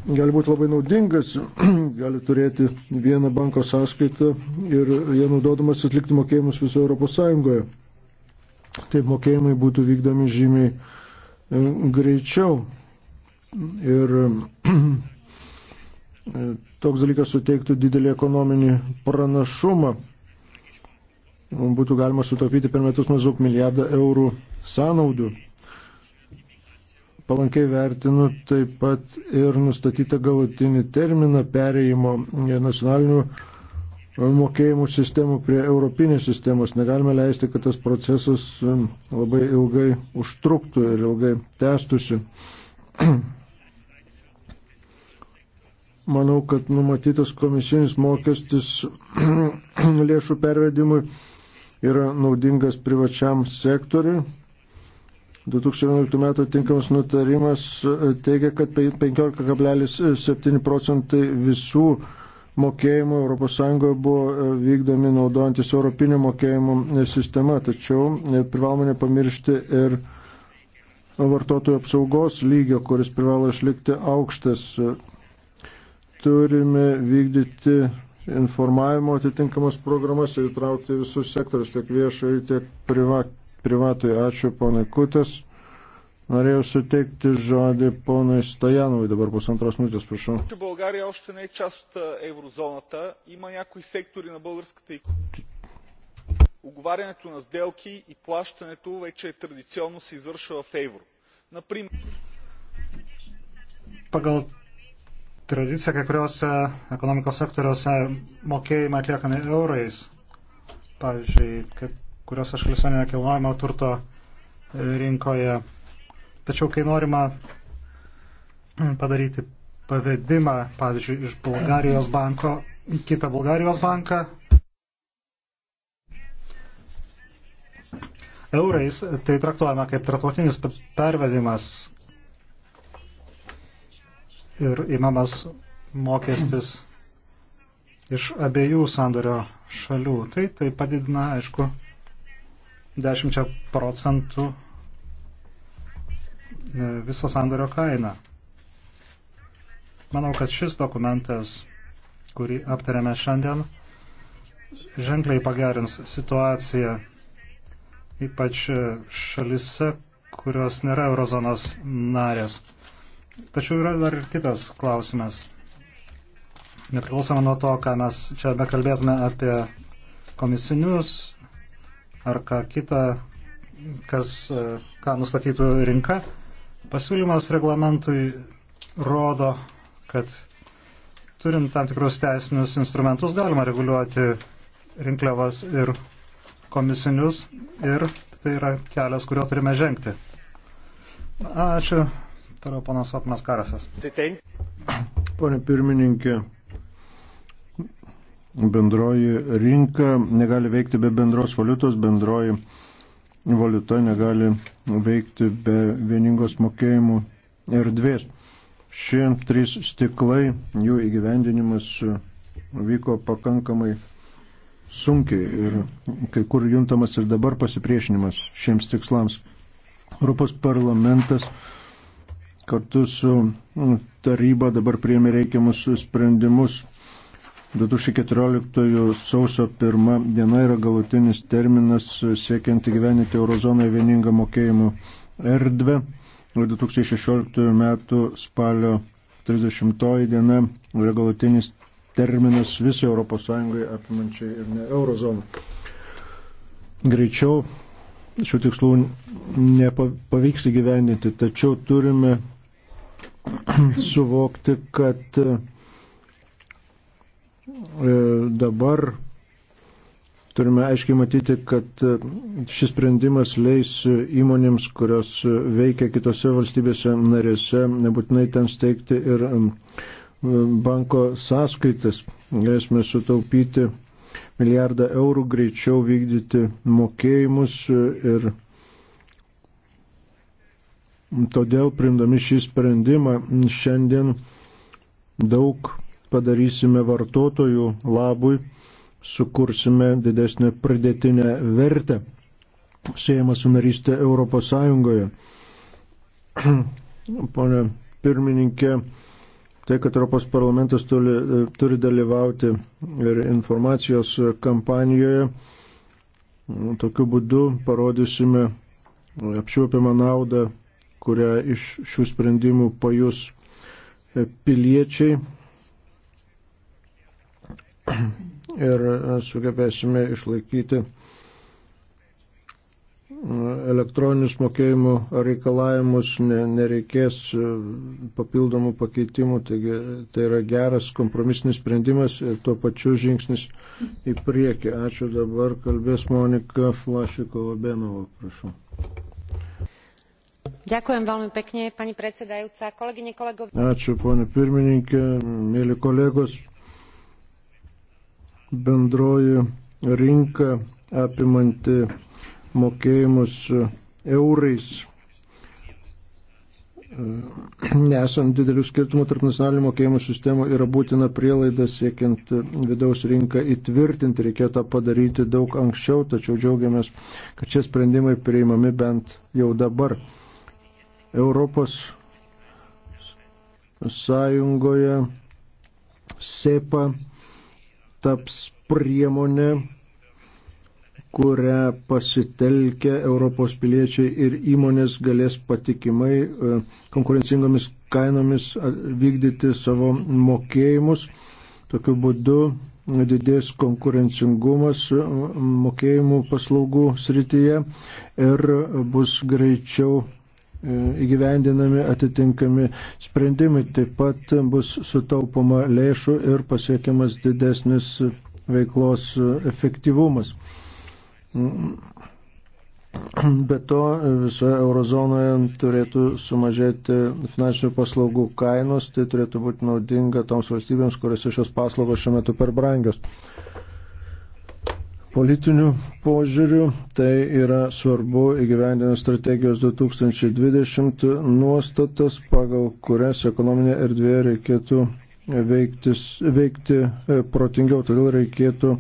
gali būti labai naudingas, gali turėti vieną banko sąskaitą ir jie naudodamas atlikti mokėjimus visoje Europos Sąjungoje. Taip mokėjimai būtų vykdomi žymiai e, greičiau. Ir e, toks dalykas suteiktų didelį ekonominį pranašumą. Būtų galima sutaupyti per metus maždaug milijardą eurų sąnaudų. Palankiai vertinu taip pat ir nustatytą galutinį terminą pereimo nacionalinių mokėjimų sistemų prie europinės sistemos. Negalime leisti, kad tas procesas um, labai ilgai užtruktų ir ilgai tęstusi. Manau, kad numatytas komisinis mokestis lėšų pervedimui yra naudingas privačiam sektoriui. 2011 metų tinkamas nutarimas e, teigia, kad 15,7 procentai visų mokėjimų ES buvo e, vykdomi naudojantis Europinė mokėjimų e, sistema, tačiau privalome nepamiršti ir vartotojų apsaugos lygio, kuris privalo išlikti aukštas. Turime vykdyti informavimo atitinkamas programas ir įtraukti visus sektorius, tiek viešai, tiek privatų privatui. Ačiū, ponai Kutas. Norėjau suteikti žodį ponui Stojanovui, dabar pusantros minutės, prašau. Bulgarija още не е част от еврозоната. Има някои сектори на българската Уговарянето на сделки и плащането вече традиционно се извършва в евро. Например... Pagal tradiciją kai kuriuose ekonomikos sektoriuose mokėjimai atliekami eurais. Pavyzdžiui, kaip kuriuose šalise nekilnojamo turto e, rinkoje. Tačiau, kai norima mm, padaryti pavedimą, pavyzdžiui, iš Bulgarijos banko į kitą Bulgarijos banką, eurais tai traktuojama kaip tarptautinis pervedimas ir įmamas mokestis iš abiejų sandorio šalių. Tai tai padidina, aišku, 10 procentų e, viso sandorio kaina. Manau, kad šis dokumentas, kurį aptarėme šiandien, ženkliai pagerins situaciją, ypač šalise, kurios nėra eurozonos narės. Tačiau yra dar ir kitas klausimas. Nepriklausoma nuo to, ką mes čia bekalbėtume apie komisinius ar ką kitą, kas, e, ką nustatytų rinka. Pasiūlymas reglamentui rodo, kad turint tam tikrus teisinius instrumentus galima reguliuoti rinkliavas ir komisinius ir tai yra kelias, kurio turime žengti. Ačiū. Toliau panas Otmas Karasas. Pone pirmininkė, bendroji rinka negali veikti be bendros valiutos, bendroji valiuta negali veikti be vieningos mokėjimų erdvės. Šie trys stiklai, jų įgyvendinimas vyko pakankamai sunkiai ir kai kur juntamas ir dabar pasipriešinimas šiems tikslams. Europos parlamentas kartu su taryba dabar priemi reikiamus sprendimus 2014 sausio 1 diena yra galutinis terminas siekiant įgyveninti eurozonoje vieningą mokėjimų erdvę. 2016 metų spalio 30 diena yra galutinis terminas visai ES apimančiai ir ne eurozoną. Greičiau šių tikslų nepavyks įgyvendinti, tačiau turime suvokti, kad E, dabar turime aiškiai matyti, kad e, šis sprendimas leis e, įmonėms, kurios veikia kitose valstybėse narėse, nebūtinai ten steigti ir banko sąskaitas. Galėsime sutaupyti milijardą eurų, greičiau vykdyti mokėjimus ir todėl primdami šį sprendimą šiandien daug padarysime vartotojų labui, sukursime didesnę pridėtinę vertę, siejama su narystė Europos Sąjungoje. Pone pirmininkė, tai, kad Europos parlamentas turi, e, turi dalyvauti ir informacijos kampanijoje, tokiu būdu parodysime apčiuopiamą naudą, kurią iš šių sprendimų pajus piliečiai ir e, sugebėsime išlaikyti e, elektroninius mokėjimų reikalavimus, nereikės e, papildomų pakeitimų, taigi tai yra geras kompromisinis sprendimas ir tuo pačiu žingsnis į priekį. Ačiū dabar, kalbės Monika Flašikova Benova, prašau. Ďakujem veľmi pekne, pani predsedajúca, kolegyne, kolegovia. Ačiū, ponė pirmininkė, mėly kolegos bendroji rinka apimanti mokėjimus eurais nesant didelių skirtumų tarp nacionalinių mokėjimų sistemų yra būtina prielaida siekiant vidaus rinką įtvirtinti, reikėtų padaryti daug anksčiau, tačiau džiaugiamės, kad šie sprendimai priimami bent jau dabar. Europos Sąjungoje SEPA taps priemonė, kurią pasitelkę Europos piliečiai ir įmonės galės patikimai e, konkurencingomis kainomis vykdyti savo mokėjimus. Tokiu būdu didės konkurencingumas e, mokėjimų paslaugų srityje ir bus greičiau E, įgyvendinami atitinkami sprendimai. Taip pat bus sutaupoma lėšų ir pasiekiamas didesnis veiklos efektyvumas. Be to visoje eurozonoje turėtų sumažėti finansinių paslaugų kainos, tai turėtų būti naudinga toms valstybėms, kuriuose šios paslaugos šiuo metu per brangios. Politiniu požiūriu tai yra svarbu įgyvendinant strategijos 2020 nuostatas, pagal kurias ekonominė erdvė reikėtų veiktis, veikti e, protingiau, todėl reikėtų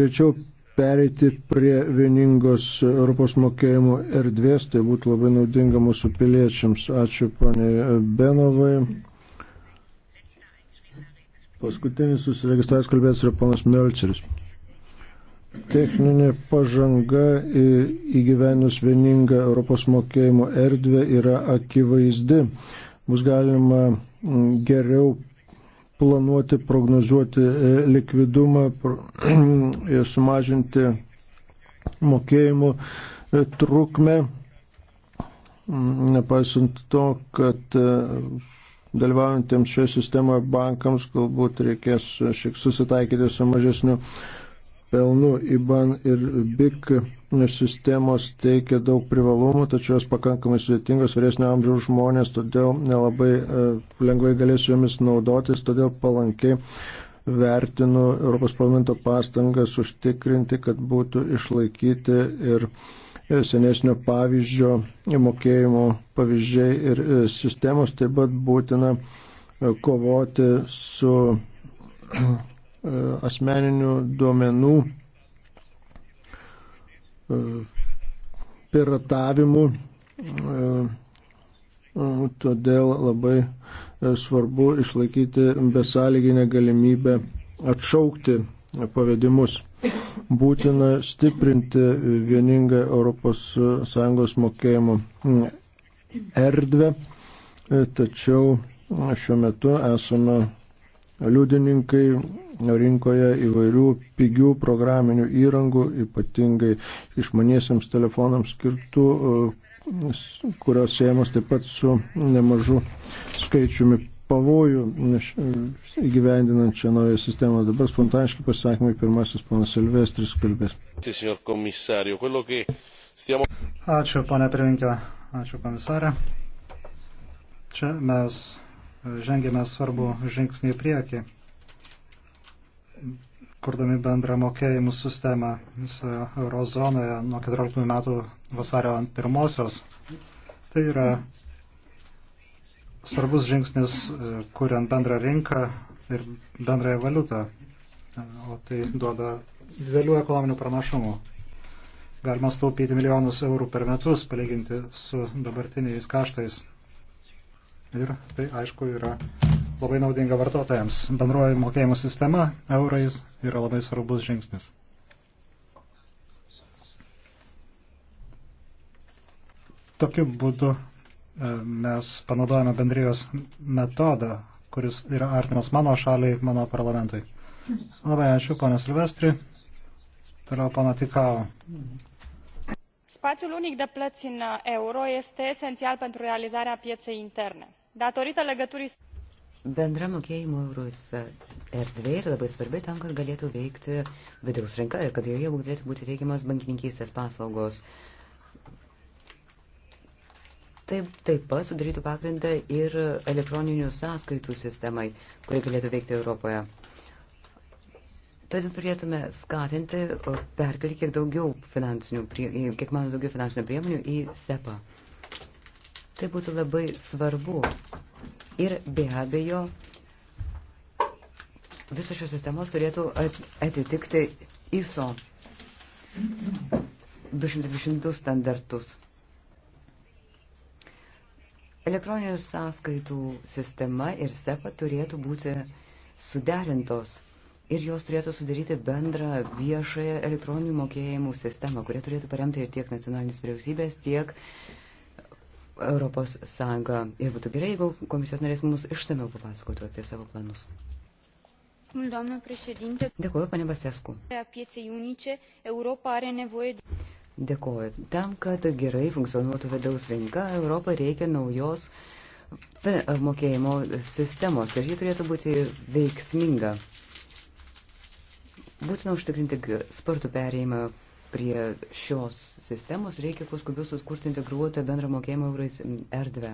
greičiau pereiti prie vieningos Europos mokėjimų erdvės, tai būtų labai naudinga mūsų piliečiams. Ačiū poniai Benovai. Paskutinis susiregistravęs kalbės yra ponas Melceris. Techninė pažanga įgyvenus vieningą Europos mokėjimo erdvę yra akivaizdi. Bus galima geriau planuoti, prognozuoti e, likvidumą, sumažinti mokėjimų e, trukmę, nepaisant to, kad e, dalyvaujantiems šioje sistemoje bankams galbūt reikės šiek susitaikyti su mažesniu pelnų IBAN ir BIC sistemos teikia daug privalumų, tačiau jos pakankamai sudėtingos vyresnio amžiaus žmonės, todėl nelabai e, lengvai galėsiu jomis naudotis, todėl palankiai vertinu Europos parlamento pastangas užtikrinti, kad būtų išlaikyti ir e, senesnio pavyzdžio mokėjimo pavyzdžiai ir e, sistemos taip pat būtina kovoti su E, asmeninių duomenų e, piratavimu. E, todėl labai svarbu išlaikyti besąlyginę galimybę atšaukti pavedimus. Būtina stiprinti vieningą ES mokėjimo erdvę, tačiau šiuo metu esame liudininkai rinkoje įvairių pigių programinių įrangų, ypatingai išmaniesiams telefonams skirtų, e, kurios siejamos taip pat su nemažu skaičiumi pavojų e, įgyvendinant šią naują sistemą. Dabar spontaniškai pasakymai pirmasis panas Silvestris kalbės. Ačiū, pane pirminkė. Ačiū, komisarė. Čia mes žengėme svarbu žingsnį į priekį, kurdami bendrą mokėjimų sistemą visoje eurozonoje nuo 14 metų vasario 1. Tai yra svarbus žingsnis, e, kuriant bendrą rinką ir bendrąją valiutą, e, o tai duoda didelių ekonominių pranašumų. Galima staupyti milijonus eurų per metus, palyginti su dabartiniais kaštais. Ir tai, aišku, yra labai naudinga vartotojams. Bendroji mokėjimų sistema eurais yra labai svarbus žingsnis. Tokiu būdu e, mes panaudojame bendrijos metodą, kuris yra artimas mano šaliai, mano parlamentui. Labai ačiū, ponė Silvestri. Toliau pana Tikau. Spațiul unic de plăți în euro este esențial pentru realizarea pieței interne Datorită legăturii bendra mokėjimo eurus erdvė ir labai svarbi tam, kad galėtų veikti vidaus rinka ir kad joje galėtų būti teikiamas bankininkystės paslaugos. Taip, taip pat sudarytų pagrindą ir elektroninių sąskaitų sistemai, kuri galėtų veikti Europoje. Todėl turėtume skatinti perkelti kiek daugiau finansinių, kiek man daugiau finansinių priemonių į SEPA. Tai būtų labai svarbu. Ir be abejo, visos šios sistemos turėtų atitikti ISO 222 standartus. Elektroninių sąskaitų sistema ir SEPA turėtų būti suderintos ir jos turėtų sudaryti bendrą viešąją elektroninių mokėjimų sistemą, kurie turėtų paremti ir tiek nacionalinės vyriausybės, tiek uh, Europos Sąjungą. Ir būtų gerai, jeigu komisijos narės mums išsameu papasakotų apie savo planus. Doamnă președinte, Dėkuoju, pane Basescu. pieței unice, Europa are nevoie de... Dėkuoju. Tam, kad gerai funkcionuotų vidaus rinka, Europai reikia naujos e, mokėjimo sistemos ir ji turėtų būti veiksminga. Būtina užtikrinti spartų perėjimą Prie šios sistemos reikia kuo skubiau suskurti integruotą bendrą mokėjimo eurais erdvę.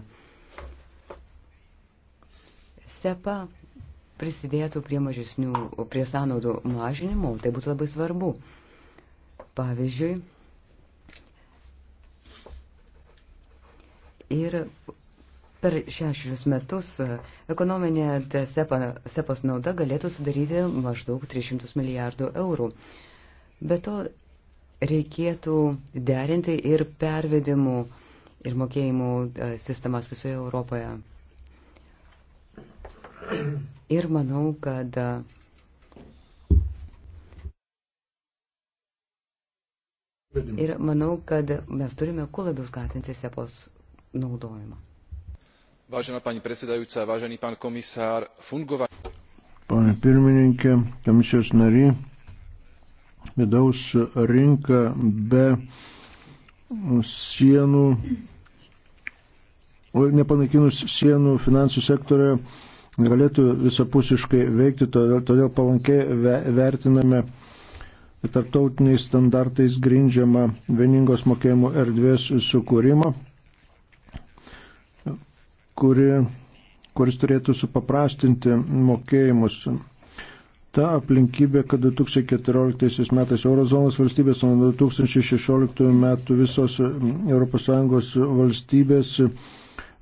SEPA prisidėtų prie mažesnių, prie sąnaudų mažinimo, tai būtų labai svarbu. Pavyzdžiui, ir per šešius metus ekonominė SEPA, SEPAS nauda galėtų sudaryti maždaug 300 milijardų eurų. Be to, reikėtų derinti ir pervedimų ir mokėjimų e, sistemas visoje Europoje. Ir manau, kad e, Ir manau, kad mes turime kuo labiau skatinti SEPOS naudojimą. Vážená pani predsedajúca, vážený pán komisár, fungovanie. Pane pirmininkė, komisijos nariai, vidaus rinką be sienų, nepanaikinus sienų finansų sektorioje galėtų visapusiškai veikti, todėl, todėl palankiai vertiname tarptautiniais standartais grindžiamą vieningos mokėjimų erdvės sukūrimą, kuri, kuris turėtų supaprastinti mokėjimus ta aplinkybė, kad 2014 metais Eurozonos valstybės, o 2016 metų visos mm, ES valstybės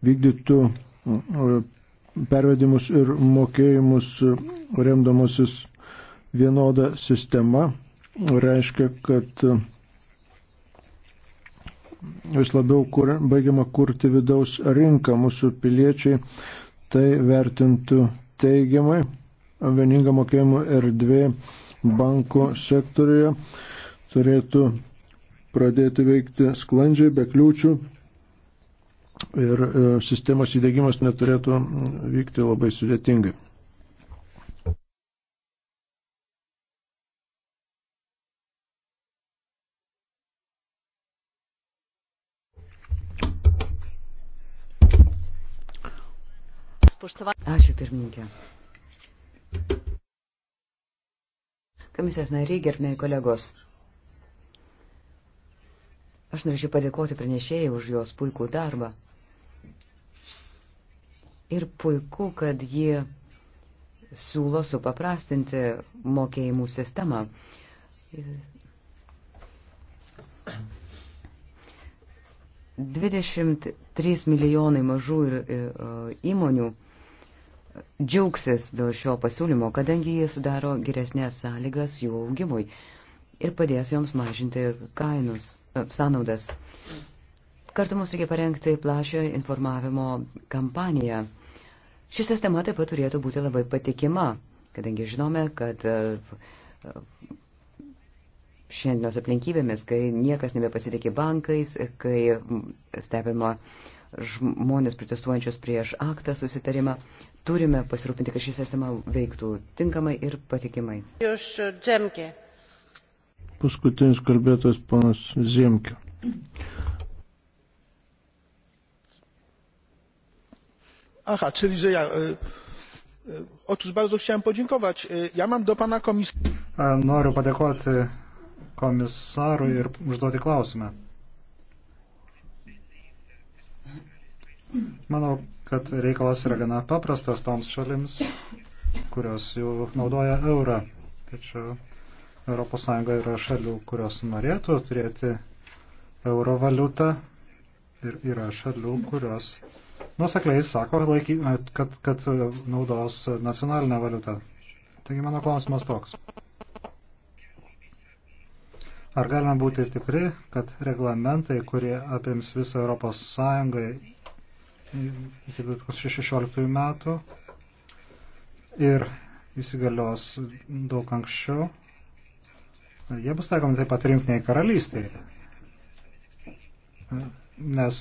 vykdytų mm, pervedimus ir mokėjimus mm, remdamosis vienodą sistemą, reiškia, kad vis labiau kur, baigiama kurti vidaus rinką mūsų piliečiai, tai vertintų teigiamai vieninga mokėjimo erdvė bankų sektoriuje turėtų pradėti veikti sklandžiai, be kliūčių ir e, sistemos įdėgymas neturėtų vykti labai sudėtingai. Ačiū pirmininkė. Komisijos nariai, gerbėjai kolegos. Aš norėčiau padėkoti pranešėjai už jos puikų darbą. Ir puiku, kad ji siūlo supaprastinti mokėjimų sistemą. Dvidešimt trys milijonai mažų ir, ir, e, e, įmonių džiaugsis dėl šio pasiūlymo, kadangi jie sudaro geresnės sąlygas jų augimui ir padės joms mažinti kainus, e, sąnaudas. Kartu mums reikia parengti plašią informavimo kampaniją. Ši sistema taip pat turėtų būti labai patikima, kadangi žinome, kad e, e, šiandienos aplinkybėmis, kai niekas nebepasitikė bankais, kai stebima žmonės protestuojančios prieš aktą susitarimą, Turime pasirūpinti, kad ši sistema veiktų tinkamai ir patikimai. Iš Džemkė. Paskutinis kalbėtojas panas Ziemkė. Aha, czyli, że ja. Y, e, y, e, otóż bardzo chciałem podziękować. Y, e, ja mam do pana komisarza. Noriu padėkoti komisarui ir užduoti klausimą. Manau, kad reikalas yra gana paprastas toms šalims, kurios jau naudoja eurą. Tačiau ES yra šalių, kurios norėtų turėti euro valiutą ir yra šalių, kurios nusekliai sako, kad, kad naudos nacionalinę valiutą. Taigi mano klausimas toks. Ar galime būti tikri, kad reglamentai, kurie apims visą ES iki 2016 metų ir įsigalios daug anksčiau. Jie bus taikomi taip pat rinkiniai karalystiai. Nes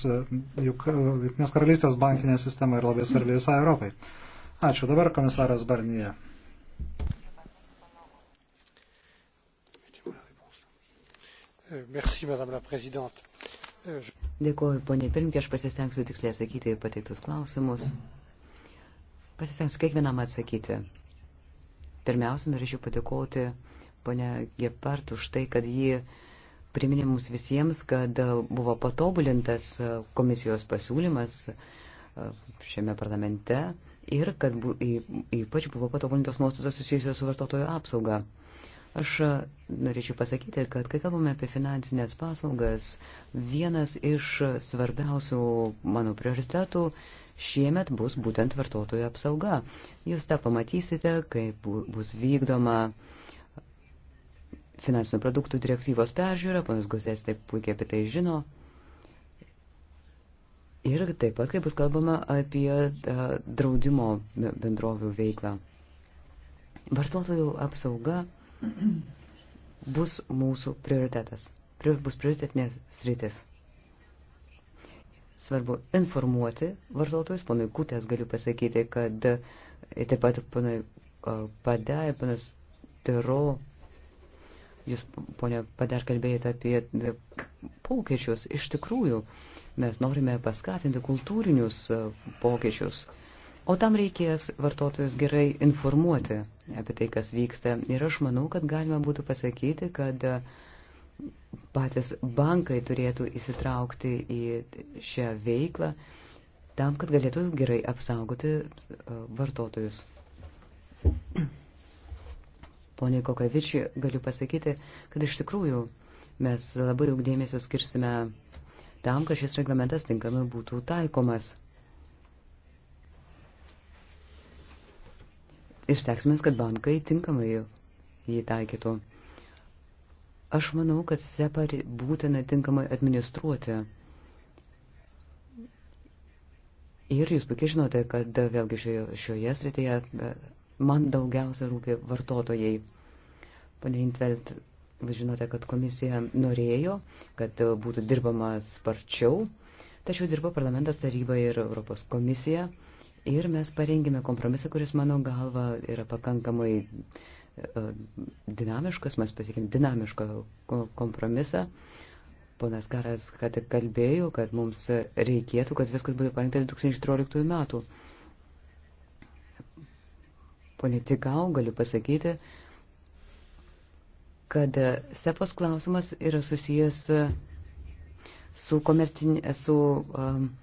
juk Junktinės karalystės bankinė sistema yra labai svarbi visai Europai. Ačiū. Dabar komisaras Barnyje. Merci, Madame la Présidente. Dėkuoju, ponė Pirmkė, aš pasistengsiu tiksliai atsakyti į pateiktus klausimus. Pasistengsiu kiekvienam atsakyti. Pirmiausia, norėčiau padėkoti ponė Gepart už tai, kad ji priminė mums visiems, kad buvo patobulintas komisijos pasiūlymas e, šiame parlamente ir kad bu, ypač buvo patobulintos nuostatos susijusios su vartotojo apsauga. Aš e, norėčiau pasakyti, kad kai kalbame apie finansinės paslaugas, vienas iš svarbiausių mano prioritetų šiemet bus būtent vartotojų apsauga. Jūs tą pamatysite, kai bus vykdoma finansinių produktų direktyvos peržiūra, panas Gusės taip puikiai apie tai žino. Ir taip pat, kai bus kalbama apie e, draudimo bendrovių veiklą. Vartotojų apsauga bus mūsų prioritetas, bus prioritetinės sritis. Svarbu informuoti vartotojus, ponui Kutės galiu pasakyti, kad taip pat ponui Padai, ponas Tiro, jūs, ponė, padar kalbėjote apie e, pokyčius. Iš tikrųjų, mes norime paskatinti kultūrinius e, pokyčius. Uh, O tam reikės vartotojus gerai informuoti apie tai, kas vyksta. Ir aš manau, kad galima būtų pasakyti, kad e, patys bankai turėtų įsitraukti į šią veiklą tam, kad galėtų gerai apsaugoti e, vartotojus. Pone Kokavičiui, galiu pasakyti, kad iš tikrųjų mes labai daug dėmesio skirsime tam, kad šis reglamentas tinkamai būtų taikomas. ir steksime, kad bankai tinkamai jį taikytų. Aš manau, kad SEPA būtina tinkamai administruoti. Ir jūs puikiai žinote, kad vėlgi šioje, šioje srityje e, man daugiausia rūpi vartotojai. Pane Intvelt, jūs žinote, kad komisija norėjo, kad būtų dirbama sparčiau, tačiau dirbo parlamentas taryba ir Europos komisija. Ir mes parengėme kompromisą, kuris mano galva yra pakankamai e, dinamiškas, mes pasiekėm dinamišką kompromisą. Ponas Karas, kad tik kalbėjau, kad mums reikėtų, kad viskas būtų parengta 2013 metų. Pone Tikau, galiu pasakyti, kad SEPOS klausimas yra susijęs su, su um,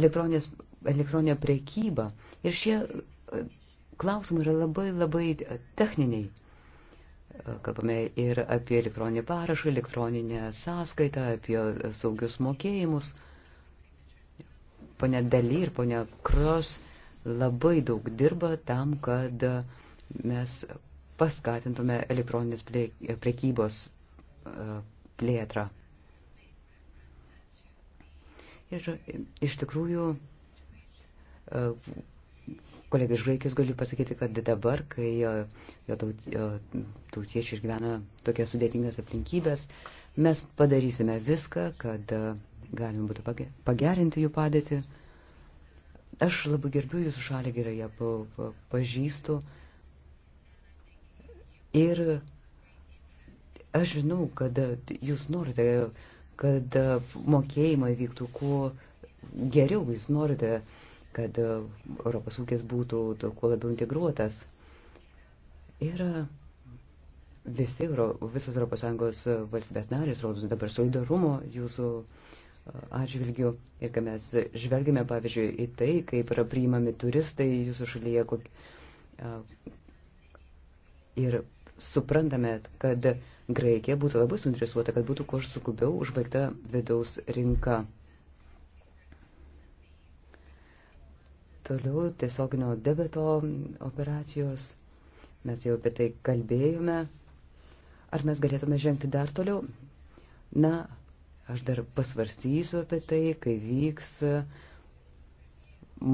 elektroninės elektroninę prekybą. Ir šie e, klausimai yra labai labai techniniai. E, kalbame ir apie elektroninį parašą, elektroninę sąskaitą, apie saugius mokėjimus. Pone Daly ir pone Kros labai daug dirba tam, kad mes paskatintume elektroninės prekybos e, plėtrą. Ir iš tikrųjų Kolega iš Graikijos galiu pasakyti, kad dabar, kai jo tautiečiai išgyvena tokias sudėtingas aplinkybės, mes padarysime viską, kad e, galima būtų pagerinti jų padėtį. Aš labai gerbiu jūsų šalį, gerai ją pa, pa, pažįstu. Ir aš žinau, kad e, jūs norite, kad e, mokėjimai vyktų kuo geriau, jūs norite uh, kad e, Europos ūkis būtų kuo labiau integruotas. Ir visi, visos ES valstybės narės rodo dabar solidarumo jūsų e, atžvilgių. Ir kai mes žvelgime, pavyzdžiui, į tai, kaip yra priimami turistai jūsų šalyje kok... E, ir suprantame, kad Graikija būtų labai suinteresuota, kad būtų kuo skubiau užbaigta vidaus rinka. Toliau tiesioginio debeto operacijos. Mes jau apie tai kalbėjome. Ar mes galėtume žengti dar toliau? Na, aš dar pasvarstysiu apie tai, kai vyks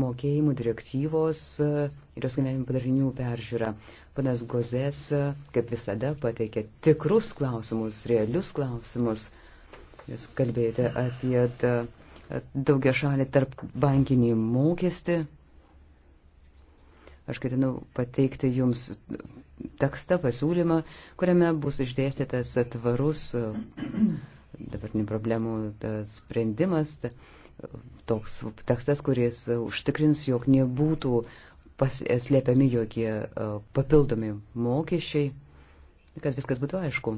mokėjimų direktyvos ir jos gyvenimo padarinių peržiūra. Panas Gozės, kaip visada, pateikė tikrus klausimus, realius klausimus. Jūs kalbėjote apie daugia šalį tarp bankinį mokestį. Aš ketinu pateikti jums tekstą, pasiūlymą, kuriame bus išdėstytas tvarus dabartinių problemų sprendimas, toks tekstas, kuris užtikrins, jog nebūtų slėpiami jokie papildomi mokesčiai, kad viskas būtų aišku.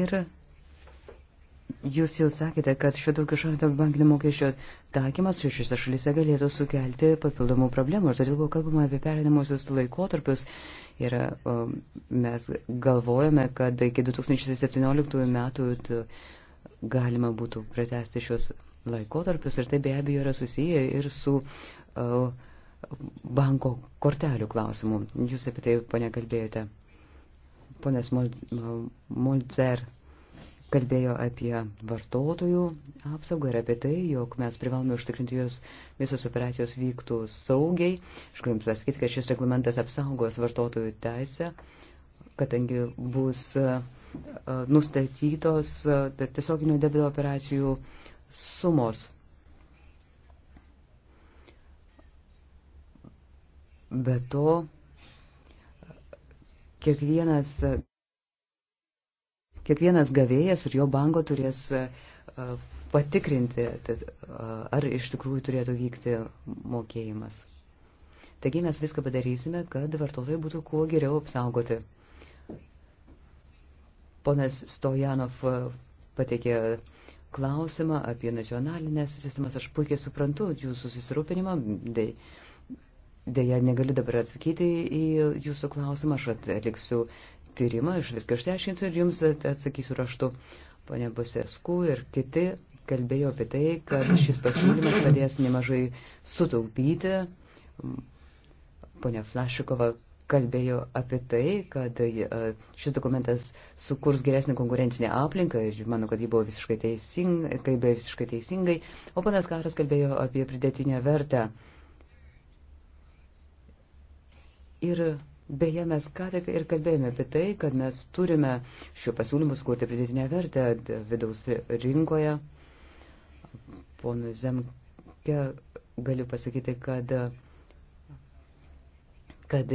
Ir Jūs jau sakėte, kad šio daugiau šalto bankinio mokesčio taikymas šiuose šalyse galėtų sukelti papildomų problemų. Ir todėl buvo kalbama apie perinamuosius laikotarpius. Ir o, mes galvojame, kad iki 2017 metų galima būtų pratesti šios laikotarpius. Ir tai be abejo yra susiję ir su o, banko kortelių klausimu. Jūs apie tai, pane, kalbėjote. Ponas Molzer. Mol kalbėjo apie vartotojų apsaugą ir apie tai, jog mes privalome užtikrinti, jos visos operacijos vyktų saugiai. Aš galiu pasakyti, kad šis reglamentas apsaugos vartotojų teisę, kadangi bus e, e, nustatytos e, tiesioginio debito operacijų sumos. Be to, kiekvienas kiekvienas gavėjas ir jo banko turės e, e, patikrinti, e, ar iš tikrųjų turėtų vykti mokėjimas. Taigi mes viską padarysime, kad vartotojai būtų kuo geriau apsaugoti. Ponas Stojanov pateikė klausimą apie nacionalinės sistemas. Aš puikiai suprantu jūsų susirūpinimą. Deja, negaliu dabar atsakyti į jūsų klausimą. Aš atliksiu tyrimą, aš viską išteiškinsiu ir jums atsakysiu raštu. Pone Busesku ir kiti kalbėjo apie tai, kad šis pasiūlymas padės nemažai sutaupyti. Pone Flašikova kalbėjo apie tai, kad e, šis dokumentas sukurs geresnį konkurencinę aplinką ir manau, kad jį buvo visiškai teisingai, kalbėjo visiškai teisingai, o panas Karas kalbėjo apie pridėtinę vertę. Ir Beje, mes ką tik ir kalbėjome apie tai, kad mes turime šiuo pasiūlymu skurti pridėtinę vertę vidaus rinkoje. Ponu Zemke galiu pasakyti, kad, kad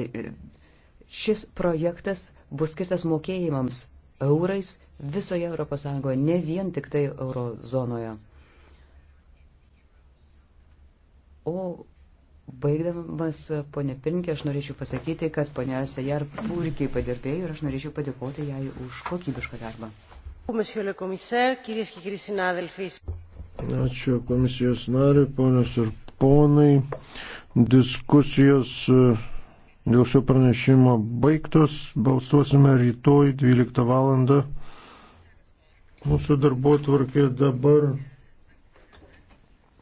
šis projektas bus skirtas mokėjimams eurais visoje ES, ne vien tik tai eurozonoje. O Baigdamas, ponė Pirinkė, aš norėčiau pasakyti, kad ponė Sajar puikiai padirbėjo ir aš norėčiau padėkoti jai už kokybišką darbą. Ačiū komisijos nariui, ponios ir ponai. Diskusijos e, dėl šio pranešimo baigtos. Balsuosime rytoj 12 val. Mūsų darbo tvarkė dabar.